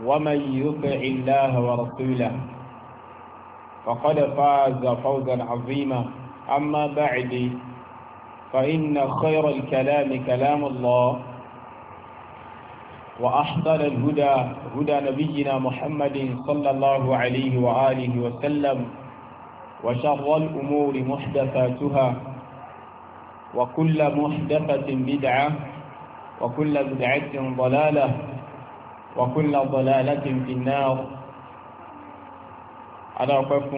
ومن يطع الله ورسوله فقد فاز فوزا عظيما أما بعد فإن خير الكلام كلام الله وأحسن الهدى هدى نبينا محمد صلى الله عليه وآله وسلم وشر الأمور محدثاتها وكل محدثة بدعة وكل بدعة ضلالة وكل ضلالة في النار أنا أقف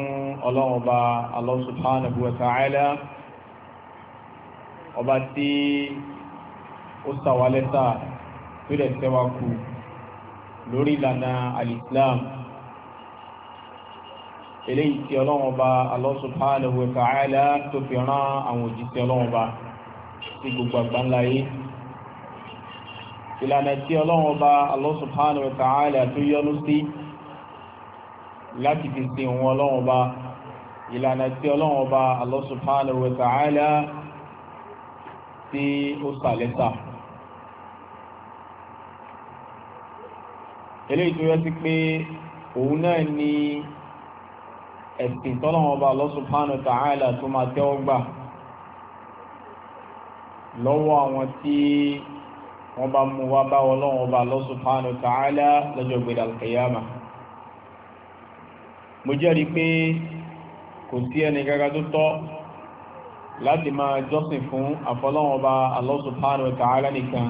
الله أبا الله سبحانه وتعالى ọba tí ó sàwálẹ́sà tó dẹ̀ tẹ́wà kù lórí ìlànà alìsílám eléyìí tí ọlọ́run ọba Allah subhanahu wa ta'ala tó fi rán àwọn òjíṣẹ́ ọlọ́run ọba sí gbogbo àgbáńláyé ìlànà tí ọlọ́run ọba Allah subhanahu wa ta'ala tó yọ́nú sí láti fi sin òun ọlọ́run ọba ìlànà tí ọlọ́run ọba Allah subhanahu wa ta'ala tí ó sàlẹ́sà eléyìí tó yọ sí pé òun náà ni ẹ̀sìn tọ́lọ́run ọba Allah subhanahu tó máa tẹ́wọ́ gbà lọ́wọ́ àwọn tí wọ́n bá mú wá bá ọlọ́run ọba Allah subhanahu wa ta'ala lọ́jọ́ gbé al-qiyama mo jẹ́rìí pé kò sí ẹni gágá tó tọ́ láti máa jọ́sìn fún àfọlọ́run ọba Allah subhanahu wa nìkan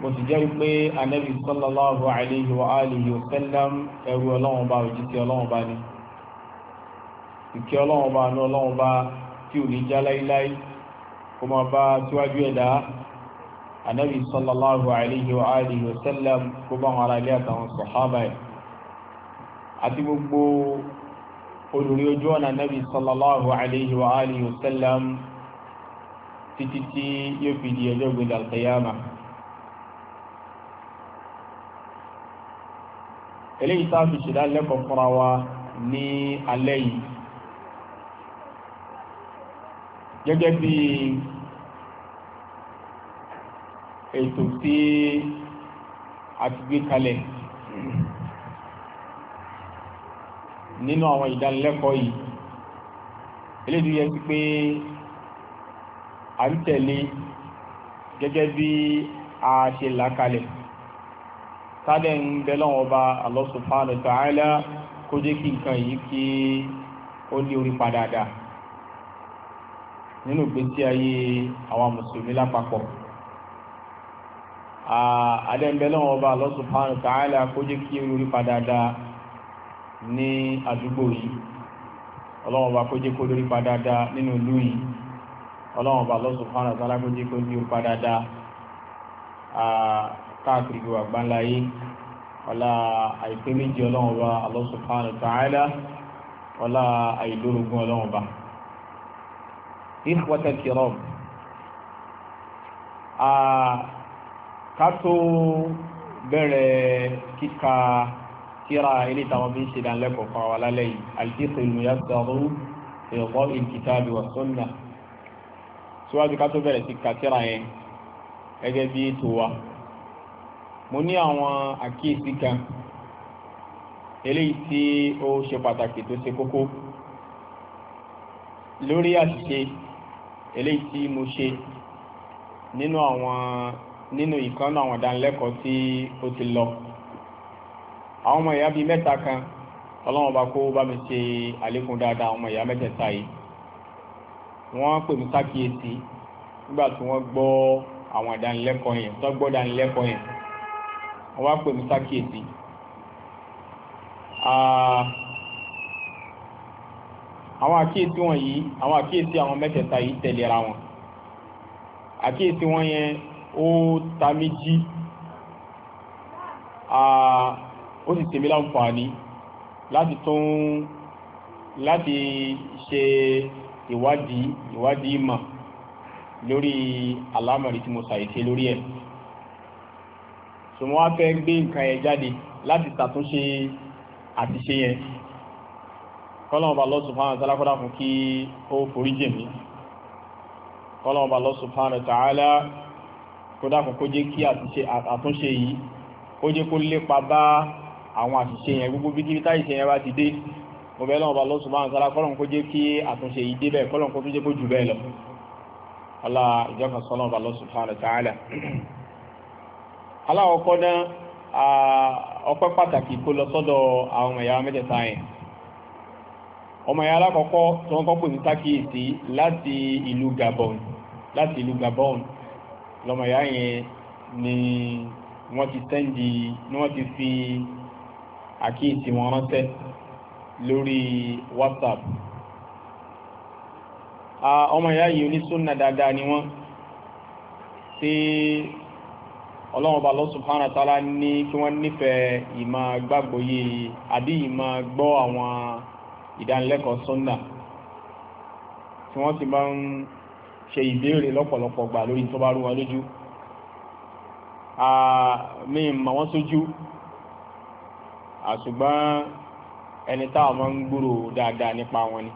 mo sì jẹ́rìí pé anabi sallallahu alayhi wa alihi wa sallam ẹrú ọlọ́run ọba òjíṣẹ́ ọlọ́run ọba ni ìkẹ́ ọlọ́run ọba àánú ọlọ́run ọba tí ò ní já láíláí kó máa bá síwájú ẹ̀dá anabi sallallahu alayhi wa alihi wa sallam kó bá wọn ara ilé àtàwọn sọ̀hábà ẹ̀ àti gbogbo olùrí ojú ọ̀nà anabi sallallahu alayhi wa alihi wa sallam títí tí yóò fi di ọjọ́ gbẹ̀dẹ̀ alqiyama. eléyìí tá a fi ṣẹ̀dá lẹ́kọ̀ọ́ fúnra wa ní alẹ́ yìí gẹ́gẹ́ bíi ètò tí a ti gbé kalẹ̀ nínú àwọn ìdánilẹ́kọ̀ọ́ yìí eléyìí yẹ sí pé a ń tẹ̀lé gẹ́gẹ́ bí a ṣe làkalẹ̀ tádẹ̀ ń bẹ́lọ́wọ́ bá Allah subhanahu wa ta'ala kó jẹ́ kí nǹkan yìí kí ó ní orí padà dáa nínú ìgbésí ayé àwọn mùsùlùmí lápapọ̀. La adẹ́nbẹ́lẹ́ wọn bá Allah subhanahu wa ta'ala kó jẹ́ kí orí padàdà ní àdúgbò yìí ọlọ́wọ́n bá kó jẹ́ kó lórí padàdà nínú ìlú yìí ọlọ́wọ́n bá Allah subhanahu wa ta'ala kó jẹ́ kó lórí padàdà káàkiri gbogbo àgbáńlá yìí ọlá àìpé méjì ọlọ́wọ́n bá Allah subhanahu wa ta'ala ọlá àìlórógún ọlọ́wọ́n bá ikhwata kiram ká tó bẹ̀rẹ̀ kíka kíra ilé táwọn bí ń ṣe dánlẹ́kọ̀ọ́ fún wa lálẹ́ yìí al-fiqhul muyassaru fi dawil kitabi wa sunnah síwájú ká tó bẹ̀rẹ̀ sí ka kíra yẹn gẹ́gẹ́ bí ètò wa mo ní àwọn àkíyèsí kan eléyìí tí ó ṣe pàtàkì tó ṣe kókó lórí àṣìṣe eléyìí tí mo ṣe nínú àwọn nínú ìkan náà àwọn ìdánilẹ́kọ̀ọ́ tí ó ti lọ àwọn ọmọ ìyá bíi mẹ́ta kan ọlọ́wọ́n bá kó bá mi ṣe àlékún dáadáa àwọn ọmọ ìyá mẹ́tẹ̀ẹ̀ta yìí wọ́n pè mí sákìyèsí nígbà tí wọ́n gbọ́ àwọn ìdánilẹ́kọ̀ọ́ yẹn tó gbọ́ ìdánilẹ́kọ̀ọ́ yẹn wọ́n wá pè mí sákìyèsí àwọn àkíyèsí wọ̀nyí àwọn àkíyèsí àwọn mẹ́tẹ̀ẹ̀ta yìí tẹ̀lera wọn àkíyèsí wọn yẹn ó tàmí jí ó sì tèmi láǹfààní láti tún láti ṣe ìwádìí ìwádìí ìmọ̀ lórí àlámọ̀rí tí mo ṣàìṣe lórí ẹ̀ ṣùgbọ́n wá fẹ́ gbé nǹkan ẹ̀ jáde láti ṣàtúnṣe àtiṣe yẹn kọ́lọ́mọba Allah subhanahu fún kí ó forí jì mí kọ́lọ́mọba Allah subhanahu wa ta'ala kó dákun kó jẹ́ kí àtúnṣe yìí kó jẹ́ kó lépa bá àwọn àṣìṣe yẹn gbogbo bí kíbi táyìṣe yẹn bá ti dé mo bẹ́ẹ̀ lọ́wọ́ bá lọ́sù máa ń sára kọ́lọ́n kó jẹ́ kí àtúnṣe yìí dé bẹ́ẹ̀ kọ́lọ́n kó tún jẹ́ kó jù bẹ́ẹ̀ lọ. ọlá ìjọba sọlọ́n bá lọ́sù fáwọn ọ̀tàálà. aláwọ̀kọ́ náà ọpẹ́ pàtàkì kó lọ sọ́dọ̀ àwọn ọmọ ìyá yẹn ọmọ ìyá alákọ̀ọ́kọ́ tí wọ́n kọ́ pè ní sákìyèsí láti ìlú Gabon láti ìlú Gabon lọ́mọ ìyá yẹn ni wọ́n ti tẹ́ǹdì ni wọ́n ti fi àkíyèsí wọn ránṣẹ́ lórí whatsapp ọmọ ìyá yìí onísúnnà dáadáa ni wọ́n tí ọlọ́run bá Allah subhanahu wa ta'ala ní kí wọ́n nífẹ̀ẹ́ ìmọ̀ gbàgbọ́ yìí àbí ìmọ̀ gbọ́ àwọn ìdánilẹ́kọ̀ọ́ súnnà tí wọ́n sì máa ń ṣe ìbéèrè lọ́pọ̀lọpọ̀ gbà lórí tó bá rú wọn lójú mi mọ̀ wọ́n sójú àṣùgbọ́n ẹni táwọn máa ń gbúrò dáadáa nípa wọn ni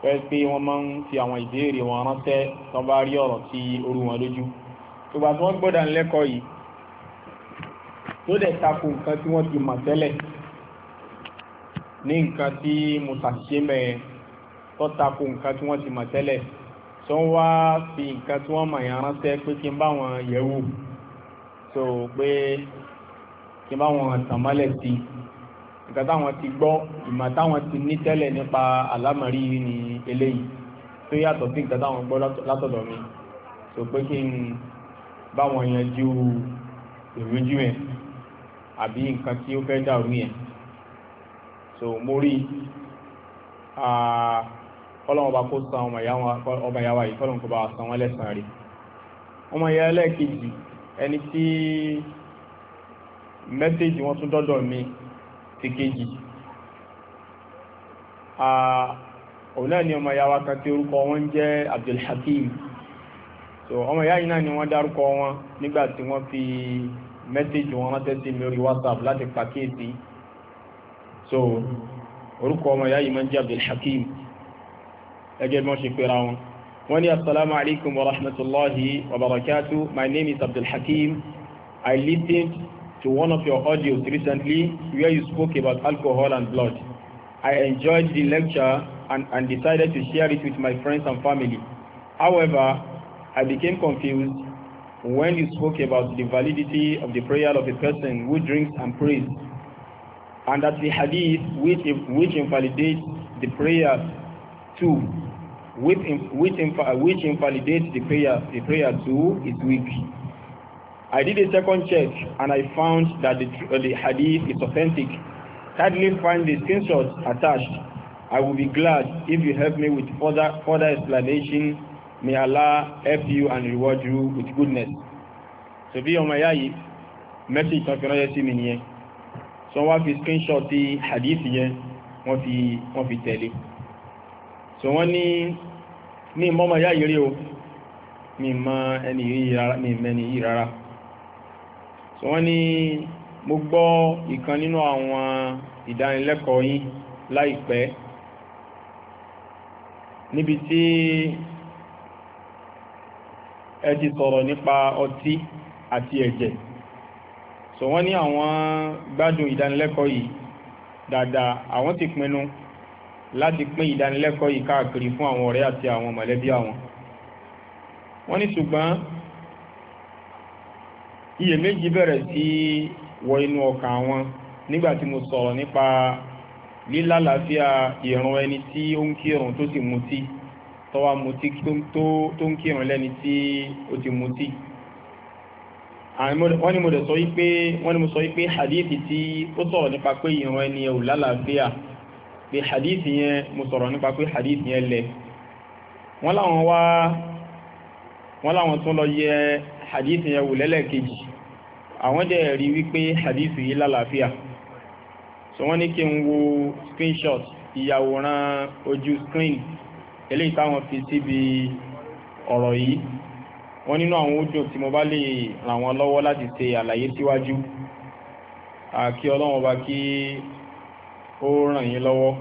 fẹ́ pé wọ́n máa ń fi àwọn ìbéèrè wọn ránṣẹ́ tó bá rí ọ̀rọ̀ tí ó rú wọn lójú ìgbà tí wọ́n gbọ́dọ̀ lẹ́kọ̀ọ́ yìí tó dẹ̀ takò nǹkan tí wọ́n ti mọ̀ tẹ́lẹ̀ ní nǹkan tí mo ṣàṣìṣe mẹ́ẹ̀ tó takò nǹkan tí wọ́n ti mọ̀ tẹ́lẹ̀ tó ń wá fi nǹkan tí wọ́n mọ̀ yàn ránṣẹ́ pé kí n bá wọn yẹ̀wò so pé kí n bá wọn tàn mọ́lẹ̀ sí nǹkan táwọn ti gbọ́ ìmọ̀ táwọn ti ní tẹ́lẹ̀ nípa àlámọ̀rí ni eléyìí tó yàtọ̀ sí nǹkan táwọn gbọ́ látọ̀dọ̀ mi so pé kí n bá wọn yanjú ìrújú yẹn àbí nǹkan tí ó fẹ́ dàrú yẹn so mo rí i. Ah, kọ́lọ́wọ́n bá kó san ọmọ ìyá wa yìí kọ́lọ́wọ́n kó bá san wọ́n lẹ́sàn rí ọmọ ìyá ẹlẹ́ẹ̀kejì ẹni tí mẹ́sẹ̀jì wọ́n tún dọ́dọ̀ mi ti kejì òun ni ọmọ ìyá wa kan tí orúkọ wọn jẹ́ Abdulhakeem so ọmọ ìyá yìí náà ni wọ́n dárúkọ wọn nígbà tí wọ́n fi mẹ́sẹ̀jì wọn ránṣẹ́ sí mi lórí WhatsApp láti pàkíyèsí so orúkọ ọmọ ìyá yìí máa ń jẹ́ Abdulhakeem gẹ́gẹ́ bí wọ́n ṣe assalamu alaikum wa rahmatullahi wa barakatuh my name is Abdul Hakim I listened to one of your audios recently where you spoke about alcohol and blood I enjoyed the lecture and, and decided to share it with my friends and family however I became confused when you spoke about the validity of the prayer of a person who drinks and prays and that the hadith which, which invalidates the prayer too which, which, which invalidates the prayer, the prayer too is weak. I did a second check and I found that the, the hadith is authentic. Hardly find the screenshots attached. I will be glad if you help me with further, further explanation. May Allah help you and reward you with goodness. So bí ọmọ ẹ̀yà yìí, message tán fi ránṣẹ́ sí So wọ́n fi screenshot ti hadith yẹn, wọ́n fi, wọ́n so wọ́n ní ní mọ́mọ̀ yá ìrí o mi mọ́ ẹni yìí rárá so wọ́n ní mo gbọ́ ìkan nínú àwọn ìdánilẹ́kọ̀ọ́ yín láìpẹ́ níbi tí ẹ ti sọ̀rọ̀ nípa ọtí àti ẹ̀jẹ̀ so wọ́n ní àwọn gbádùn ìdánilẹ́kọ̀ọ́ yìí dáadáa àwọn ti pinnu láti pín ìdánilẹ́kọ̀ọ́ yìí káàkiri fún àwọn ọ̀rẹ́ àti àwọn mọ̀lẹ́bí àwọn wọ́n ní ṣùgbọ́n iyèméjì bẹ̀rẹ̀ sí wọ inú ọkàn àwọn nígbà tí mo sọ̀rọ̀ nípa lílálàáfíà ìrun ẹni tí ó ń kírun tó sì mutí tó wá mutí tó ń kírun lẹ́ni tí ó ti mutí wọ́n ní mo sọ wípé wọ́n tí ó sọ̀rọ̀ nípa pé ìrun ẹni ò lálàáfíà pé hadith yẹn mo sọ̀rọ̀ nípa pé hadith yẹn lẹ̀ wọ́n láwọn wá wọ́n láwọn tún lọ yẹ hadith yẹn wò lẹ́lẹ́kejì àwọn dẹ̀ rí wípé hadith yìí lálàáfíà so wọ́n ní kí n wo screenshot ìyàwòrán ojú screen eléyìí táwọn fi síbi ọ̀rọ̀ yìí wọ́n nínú àwọn ojú tí mo bá lè ràn wọ́n lọ́wọ́ láti ṣe àlàyé síwájú àkí ọlọ́run kí ó ràn yín lọ́wọ́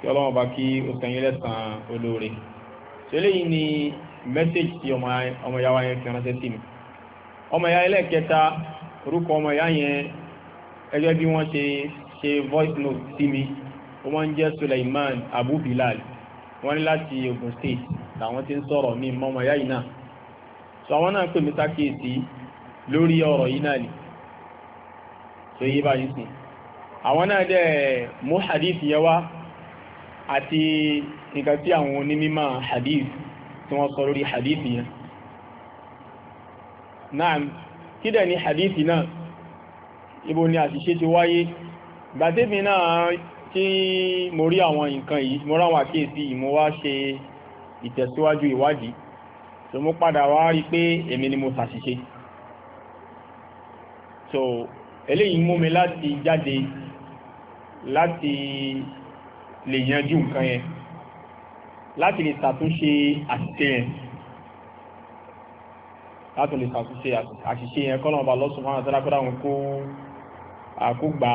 kí ọlọ́wọ́n bá kí ó san yín lẹ́san olóore ṣe léyìí ni mẹ́sẹ̀jì tí ọmọ ìyá wa yẹn fi ránṣẹ́ sí mi ọmọ ìyá ẹlẹ́ẹ̀kẹta orúkọ ọmọ ìyá yẹn ẹgbẹ́ bí wọ́n ṣe ṣe voice note sí mi ó máa ń jẹ́ Suleiman Abu Bilal wọ́n ní láti Ogun State làwọn ti ń sọ̀rọ̀ mi mọ́ ọmọ ìyá yìí náà so àwọn náà pè mí sákèésí lórí ọ̀rọ̀ yìí náà ni ṣe yé báyìí sìn àwọn náà dẹ̀ mú hadith yẹn wá àti nǹkan tí àwọn onímọ̀ hadith tí wọ́n sọ lórí hadith yẹn náà kí dẹ̀ ni hadith náà ibo ni àṣìṣe ti wáyé gbàtẹ́bì náà tí mo rí àwọn nǹkan yìí mo ráwọn àkíyèsí mo wá ṣe ìtẹ̀síwájú ìwádìí so mo padà wá rí pé èmi ni mo ṣàṣìṣe so eléyìí mú mi láti jáde láti lè yanjú nǹkan yẹn láti lè ṣàtúnṣe àṣìṣe yẹn láti lè ṣàtúnṣe àṣìṣe yẹn kọ́ lọ́wọ́ bá lọ́sùn fún àwọn àtàlákọ́dá wọn kó àkógbà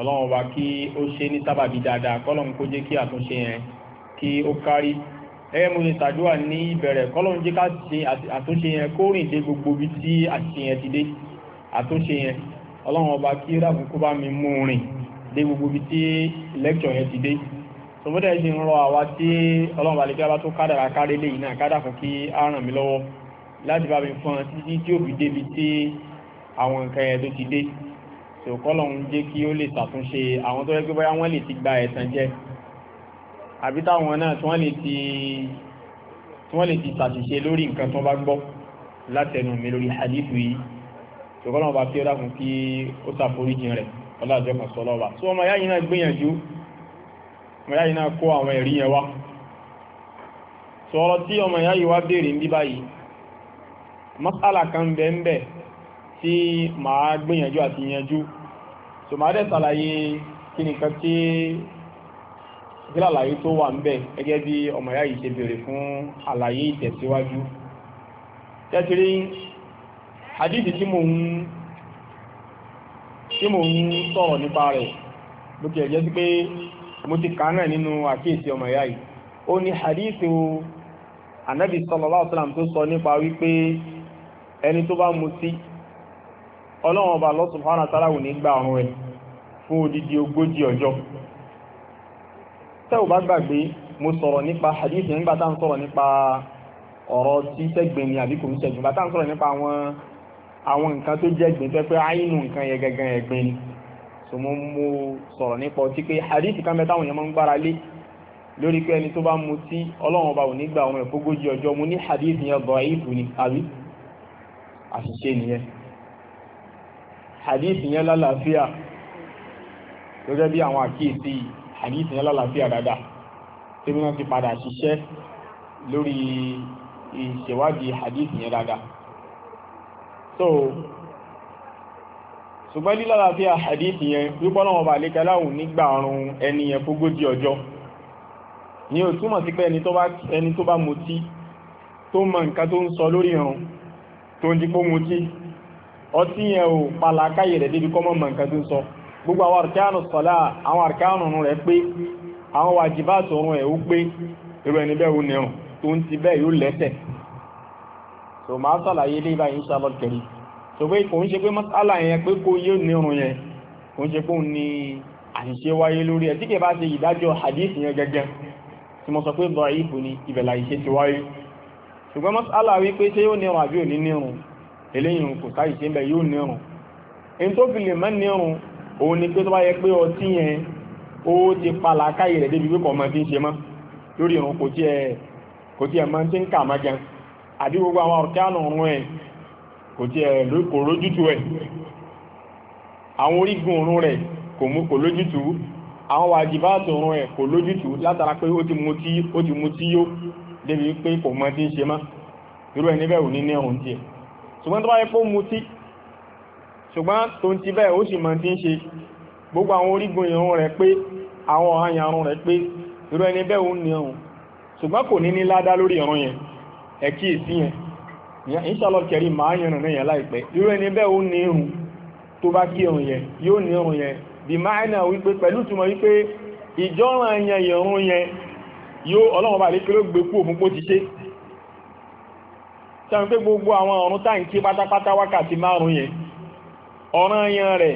ọlọ́wọ́ bá kí ó ṣe ní sábàbí dáadáa kọ́ lọ́wọ́ kó jẹ́ kí àtúnṣe yẹn kí ó kárí ẹgbẹ́ mo ní ṣàdúrà ní ìbẹ̀rẹ̀ kọ́ lọ́wọ́ jẹ́ ká ṣe àtúnṣe yẹn kó rìn dé gbogbo ibi tí àṣìṣe yẹn ti dé àtúnṣe yẹn ọlọ́wọ́ bá kí ó dàbùkú bá mi mú rìn dé gbogbo ibi tí lẹ́kṣọ̀ yẹn ti dé tòmọ́dẹ̀ ṣe ń rọ àwa tí ọlọ́run àlejò bá tó kádàrà kárí lè iná kádà fún kí á ràn mí lọ́wọ́ láti bá mi fún ọ títí tí òbí débi tí àwọn nǹkan yẹn tó ti dé tó kọ́lọ́run jẹ́ kí ó lè ṣàtúnṣe àwọn tó yẹ pé bóyá wọ́n lè ti gba ẹ̀san jẹ àbí táwọn náà tí wọ́n lè ti tí lórí nǹkan tó bá gbọ́ látẹnu mi lórí hadithu yìí tó kọ́lọ́run bá fi ọ́ dákun kí ó ṣàforíjìn rẹ̀ ọlájọ́ kan sọ́lọ́ wa tí ọmọ yáyìn náà gbìyànjú ọmọ yáyìn náà kó àwọn ẹ̀rí yẹn wá sọ̀rọ̀ tí ọmọ yáyìn wá béèrè ní báyìí masala kan bẹ́ẹ̀ ń bẹ tí màá gbìyànjú àti yanjú so màá dẹ̀ ṣàlàyé kí nìkan tí ìlàlàyé tó wà ń bẹ gẹ́gẹ́ bí ọmọ yáyìn ṣe béèrè fún àlàyé ìtẹ̀síwájú tẹ́tìrí hadithi tí mo ń tí mò ń sọ̀rọ̀ nípa rẹ̀ bó ti ẹ̀jẹ́ sí pé mo ti kà náà nínú àkíyèsí ọmọ ìyá yìí ó ní hadithu anabi sallallahu alaihi wasallam tó sọ nípa wípé ẹni tó bá mutí ọlọ́run ọba Allah subhanahu wa ta'ala ní gbà ọ̀run rẹ̀ fún odidi ogójì ọjọ́ tẹ́ ò bá gbàgbé mo sọ̀rọ̀ nípa hadithu nígbà tá à ń sọ̀rọ̀ nípa ọ̀rọ̀ tí sẹ́gbẹ̀ẹ́ ni ń sẹ́gbẹ̀ẹ́ nígbà tá à ń sọ̀rọ̀ nípa àwọn àwọn nǹkan tó jẹ́ gbìn tẹ́ pé àínú nǹkan yẹn gangan ẹ̀gbin ni so mo mo sọ̀rọ̀ nípa ọtí pé hadith kan bẹ táwọn èèyàn máa ń gbára lé lórí pé ẹni tó bá mu tí ọlọ́run ọba ò ní gba ọmọ ìfógójì ọjọ́ mo ní hadith yẹn bọ̀ àìfù ni àbí àṣìṣe nìyẹn hadith yẹn lálàáfíà gẹ́gẹ́ bí àwọn àkíyèsí hadith yẹn lálàáfíà dáadáa tí wọ́n ti padà ṣiṣẹ́ lórí ìṣèwádìí hadith yẹn dáadáa so ṣùgbọ́n lílára fi àdíìtì yẹn wípọ́ náà ọba àlékẹ́ láwùn nígbà ọrùn ẹni yẹn fógójì ọjọ́ ni ò túmọ̀ sí pé ẹni tó bá mutí tó mọ nǹkan tó ń sọ lórí ìrun tó ń dípò mutí ọtí yẹn ò pàlàkáyè rẹ̀ débi kọ́mọ̀ mọ nǹkan tó ń sọ gbogbo àwọn àrkánù sọ́lá àwọn àrkánù ọ̀run rẹ̀ pé àwọn wàjìbáàtì ọ̀run ẹ̀ ó pé irú ẹni so máa sàlàyé lè bá insha Allah karim so pé kò ń ṣe pé masala yẹn pé kó yóò nírun yẹn kò ń ṣe pé òun ni àṣìṣe wáyé lórí ẹ̀ tí kìí bá ṣe ìdájọ́ hadith yẹn gẹ́gẹ́ tí mo sọ pé daifu ni ìbẹ̀là ìṣe ti wáyé ṣùgbọ́n masala wípé ṣé yóò nírun àbí ò ní nírun eléyìí ni pé tó bá yẹ pé ọtí yẹn ó ti palà káyè rẹ̀ débi pé kò mọ ti ń ṣe mọ́ lórí irun kò tiẹ̀ kò tiẹ̀ mọ́ ti ń àbí gbogbo àwọn ọ̀rọ̀kánù ọ̀run ẹ̀ kò tí ẹ̀ kò lójútu ẹ̀ àwọn orígun ọ̀run rẹ̀ kò mú kò lójútu àwọn wàjìbáàtì ọ̀run ẹ̀ kò lójútu látara pé ó ti mutí ó ti mutí yó débi pé kò mọ tí ń ṣe má irú ẹni bẹ́ẹ̀ ò ní ní ọ̀run tiẹ̀ ṣùgbọ́n tó bá yẹ kó mutí ṣùgbọ́n tó ń ti bẹ́ẹ̀ ó sì mọ tí ń ṣe gbogbo àwọn orígun ìrun rẹ̀ pé àwọn àyàrun rẹ̀ pé irú ẹni bẹ́ẹ̀ ò ní ọ̀run ṣùgbọ́n kò ní ní ládá lórí ọ̀run yẹn ẹ̀kí ìsí yẹn inshallah kẹrí máa yẹn rìn yẹn láìpẹ́ irú ẹni bẹ́ẹ̀ ó ní irun tó bá kí irun yẹn yóò ní irun yẹn bí máa náà wípé pẹ̀lú túmọ̀ wípé ìjọ́ràn yẹn ìrun yẹn yóò ọlọ́run bá lè kí ló gbé kú òfin pó ti ṣe sẹ́wọ̀n pé gbogbo àwọn ọ̀run táǹkì pátápátá wákàtí márùn yẹn ọ̀ràn yẹn rẹ̀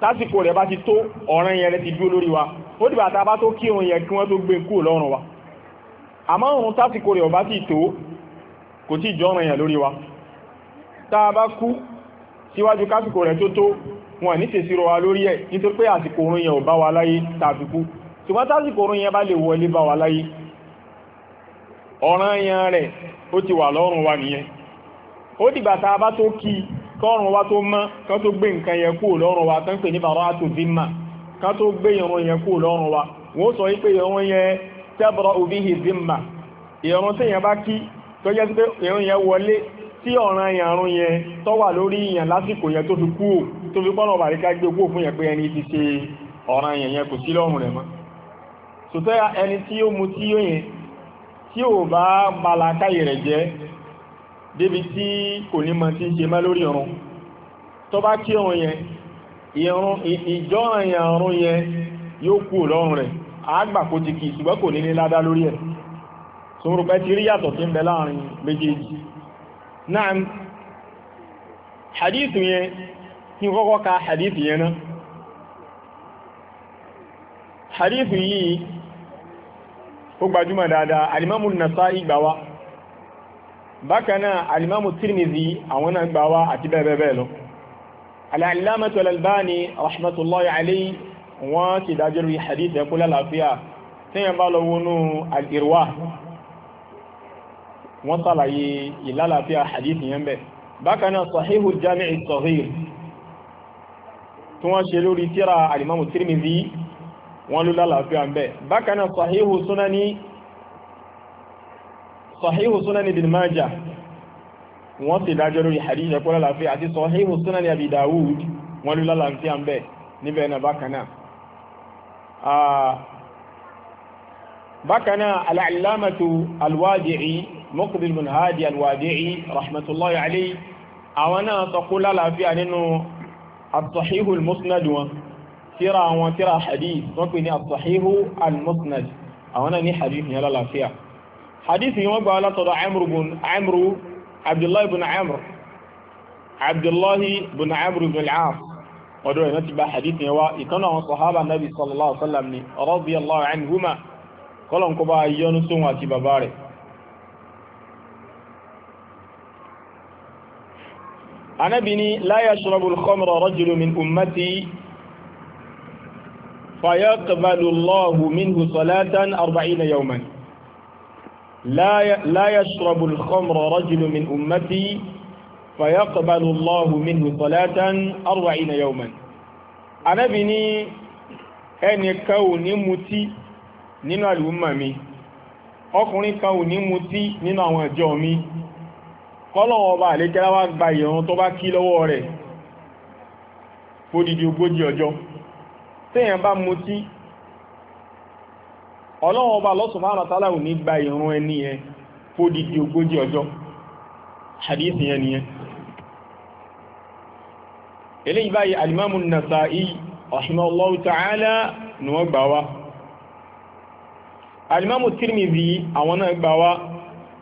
tásìkò rẹ̀ bá ti tó ọ̀ràn yẹn rẹ̀ ti dúró lórí wa ó dìbà tá a bá tó kírun yẹn kí wọ́n tó gbé kú lọ́rùn wa àmọ́ òun tásìkò rẹ̀ ò bá ti tó kò tí ìjọ ọ̀rọ̀ èèyàn lórí wa tá bá kú síwájú kásìkò rẹ̀ tó tó wọn ní tèsí rọ wa lórí ẹ̀ nítorí pé àsìkò orun yẹn ò bá wa láyé tàbí kú ṣùgbọ́n tásìkò orun yẹn bá lè wọlé bá wa láyé ọ̀ràn yẹn rẹ̀ ó ti wà lọ́rùn wa nìyẹn ó dìgbà tá bá tó kí kọ́rùn wa tó mọ́ kán tó gbé nǹkan yẹn kú lọ́rùn wa tán pè ní bàrọ́ àtòzímà kán tó gbé ìrun yẹn kú lọ́rùn wa wọ́n sọ wípé ìrun yẹn tẹ́bọ̀rọ̀ òbí hìzímà ìrun tí yẹn bá kí tó jẹ́ pé ìrun yẹn wọlé tí ọ̀ràn ìyàrún yẹn tó wà lórí ìyàn lásìkò yẹn tó fi kú tó fi pọ́nà bàríká gbé kú fún yẹn pé ẹni ti ṣe ọ̀ràn yẹn yẹn kò sí lọ́rùn rẹ̀ mọ́ sòtọ́ ẹni tí ó mu tí ó yẹn tí ò bá balàkáyè rẹ̀ jẹ́ débi tí kò ní mọ tí ṣe mọ́ lórí ọ̀run tó bá kí ọ̀run yẹn ìrun ìjọ́ràn ìyàrún yẹn yóò kú lọ́rùn rẹ̀ àgbà kò ti kì ṣùgbọ́n kò ní ní ládá lórí ẹ̀ sọ̀rọ̀ pẹ́ ti rí yàtọ̀ tí ń bẹ láàrin méjèèjì náà hadithu yẹn kí n kọ́kọ́ ka hadithu yẹn náà hadithu yìí ó gbajúmọ̀ dáadáa alimamu nasa'i gbà wá bákanáà alimamu tirmidhi àwọn náà gbà wá àti bẹ́ẹ̀bẹ́ẹ̀ lọ alàlámàtò alalbani rahmatullahi wọ́n sàlàyé ìlàlàfíà hadith yẹn bẹ̀ bákanáà sahihul jami'i sahih tí wọ́n ṣe lórí tíra alimamu tirmidhi wọ́n ló lálàáfíà ń bẹ̀ bákanáà sahihu sunani sahihu sunani bin majah wọ́n sì dájọ́ lórí hadith ẹ̀kọ́ lálàáfíà àti sahihu sunani abi dawud wọ́n ló lálàáfíà ń bẹ̀ níbẹ̀ náà bákanáà ah, bákanáà alàlámàtù alwadi'i mọ́kùnrin ibn hadi alwadi'i rahmatullahi alayhi àwọn náà sọkú lálàáfíà nínú as-sahihu al-musnad wọn tíra àwọn tíra hadith wọ́n pè ní as-sahihu al-musnad àwọn náà ní hadith yẹn lálàáfíà hadith yìí wọ́n gbà látọ̀dọ̀ amru abdullahi ibn amr abdullahi ibn amr ibn al-aas ọdún ẹ̀nà ti bá hadith yẹn wá ìtọ́nà àwọn sahaba nabi sallallahu alaihi wasallam ni radiyallahu anhuma kọ́lọ̀ ń kọ́ bá yọ́nu sóhun àti bàbá rẹ̀ anábì ní la yashrabu al-khamra rajulun min ummati fayaqbalu Allahu minhu salatan arba'ina yawman la yashrabu al-khamra rajulun min ummati fayaqbalu Allahu minhu salatan arba'ina yawman anábì ní ẹnìkan ò ní mutí nínú àlùmọ̀ mi ọkùnrin kan ò ní mutí nínú mi kọ́lọ̀wọ̀ ọba àlékẹ́lá wá gba ìrun tó bá kí lọ́wọ́ rẹ̀ fódìdí ogójì ọjọ́ tẹ́yàn bá mutí ọlọ́wọ́ ọba lọ́sùnmọ́ àtàláwù ní gba ìrun ẹni yẹn fódìdí ogójì ọjọ́ hadith yẹn nìyẹn eléyìí báyìí alimamu nasa'i rahimahullahu ta'ala ni wọ́n gbà wá alimamu tirmidhi àwọn náà gbà wá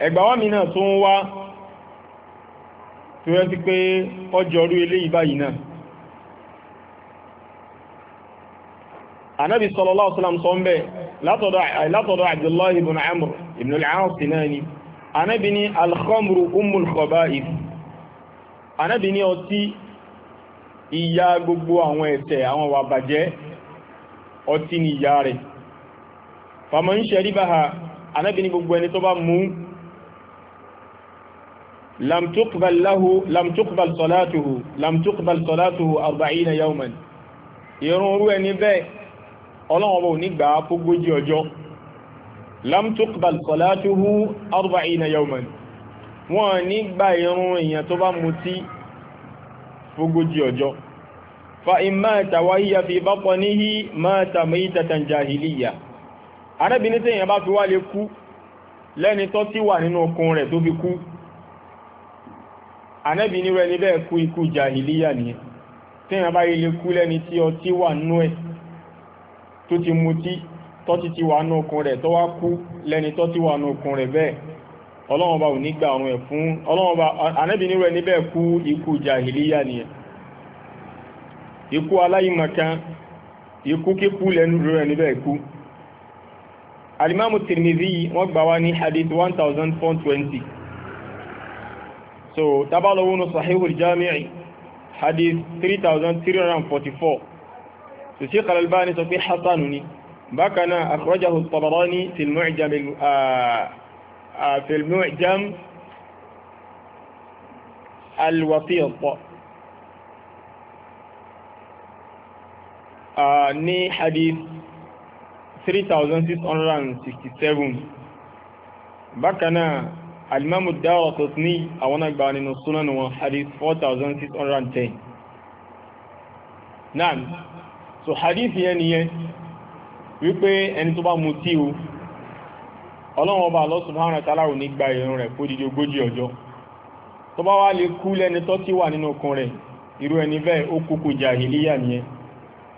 ẹgbàwá mi náà tó ń wá tó rẹ́ sí pé ọjọ́rú eléyìí báyìí náà anábi sallallahu alaihi wasallam sọ ń bẹ̀ látọ̀dọ̀ abdullahi ibn amr ibn al-aas náà ni anábi ni al-khamru ummul khaba'ith anábi ni ọtí ìyá gbogbo àwọn ẹ̀ṣẹ̀ ń ṣe rí bá ha anábi ni gbogbo ẹni tó bá mú لم تقبل له لم تقبل صلاته لم تقبل صلاته 40 يوما ìrun ru ẹni bẹ́ẹ̀ Ọlọ́run bo ni gbà fógójì ọjọ́ lam tuqbal salatuhu 40 yawman wọ́n ní gbà ìrun èyàn tó bá mutí fógójì ọjọ́ fa imma tawahiya fi batnihi ma tamitatan jahiliya arabini tẹ́yàn bá fi wá lè kú lẹ́ni tó ti wà nínú okùn rẹ̀ tó fi kú ànábì nírú ẹni bẹ́ẹ̀ kú ikú jahiliya nìyẹn tí èèyàn bá ilé kú lẹ́ni tí ọtí wà nú ẹ̀ tó ti mutí tọ́tí ti wà nú okùn rẹ̀ tó wá kú lẹ́ni tọ́tí wà nú okùn rẹ̀ bẹ́ẹ̀ ọlọ́wọ́n bá ò ní gba ọ̀run ẹ̀ fún ọlọ́wọ́n bá ànábì nírú ẹni bẹ́ẹ̀ kú ikú jahiliya nìyẹn ikú aláìmọ̀kan ikú kíkú lẹ́nu rẹ̀ níbẹ̀ ikú alimamu Tirmidhi wọ́n gbà wá ní hadith 1420 so tabalawunu sahihul jami'i hadith 3344 so Sheikh al-Albani sọ pé hasanu ni bákan náà akhrajahu at-Tabarani fil mu'jam fil mu'jam al-Wasit ní hadith 3667 bákan alimamu dáwọ̀ tó ní àwọn àgbà nínú súnà ní hadith 4610 náà so hadith yẹn nìyẹn wípé ẹni tó bá mu tí o ọlọ́run ọba Allah subhanahu wa ta'ala ní gba ìrun rẹ̀ fún dídí ogójì ọjọ́ tó bá wá lè kú lẹ́ni tó ti wà nínú okun rẹ̀ irú ẹni bẹ́ẹ̀ ó kúkú jàhìlíyà nìyẹn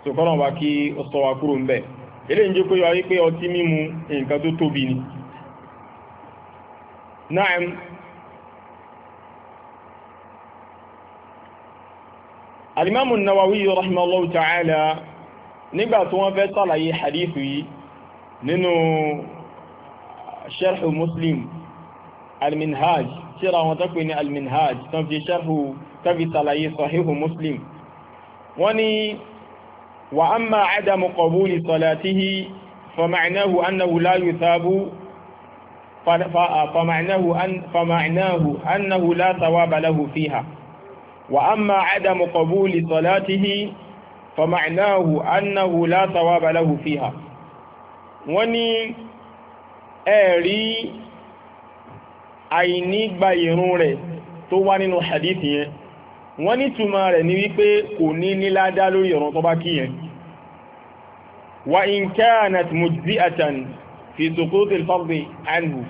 so kọ́lọ̀ wá kí ó sọ wa kúrò ń bẹ̀ eléyìí ń jẹ́ pé ọtí mímu nǹkan tó tóbi ni Naam alimamu nawawi rahimahullahu ta'ala nígbà tí wọ́n fẹ́ sàlàyé hadith yìí nínú sharhu muslim alminhaj tírà wọn tó pè ní alminhaj tán fi sharhu tàbí sàlàyé sahihu muslim wọ́n ní wa amma adamu qabuli salatihi fa ma'nahu annahu la yuthabu فمعناه, أن فمعناه أنه لا ثواب له فيها وأما عدم قبول صلاته فمعناه أنه لا ثواب له فيها wani ẹ̀rí àìnígba ìrun rẹ̀ tó wá nínú hadith yẹn wọ́n ní túnmà rẹ̀ ní wípé kò ní níládá lórí ìrun tó bá kíyẹn wa in kanat mujzi'atan في سقوط الفرض عنه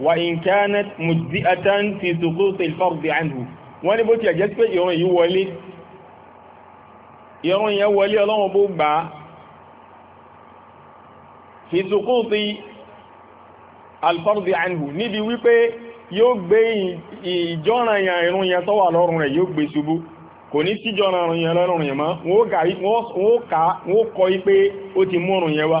وإن كانت مجزئة في سقوط الفرض عنه wọ́n ní bó ti ẹ̀jẹ́ pé ìrun yìí wọlé ìrun yẹn wọlé ọlọ́run bó gbà á fi sukuti alfardi anhu níbi wípé yóò gbé ìjọ́ràn yàn ìrun yẹn tó wà lọ́rùn rẹ̀ yóò gbé ṣubú kò ní síjọ́ràn yàn lọ́rùn yẹn mọ́ wọ́n kọ́ ipé ó ti mú ìrun yẹn wá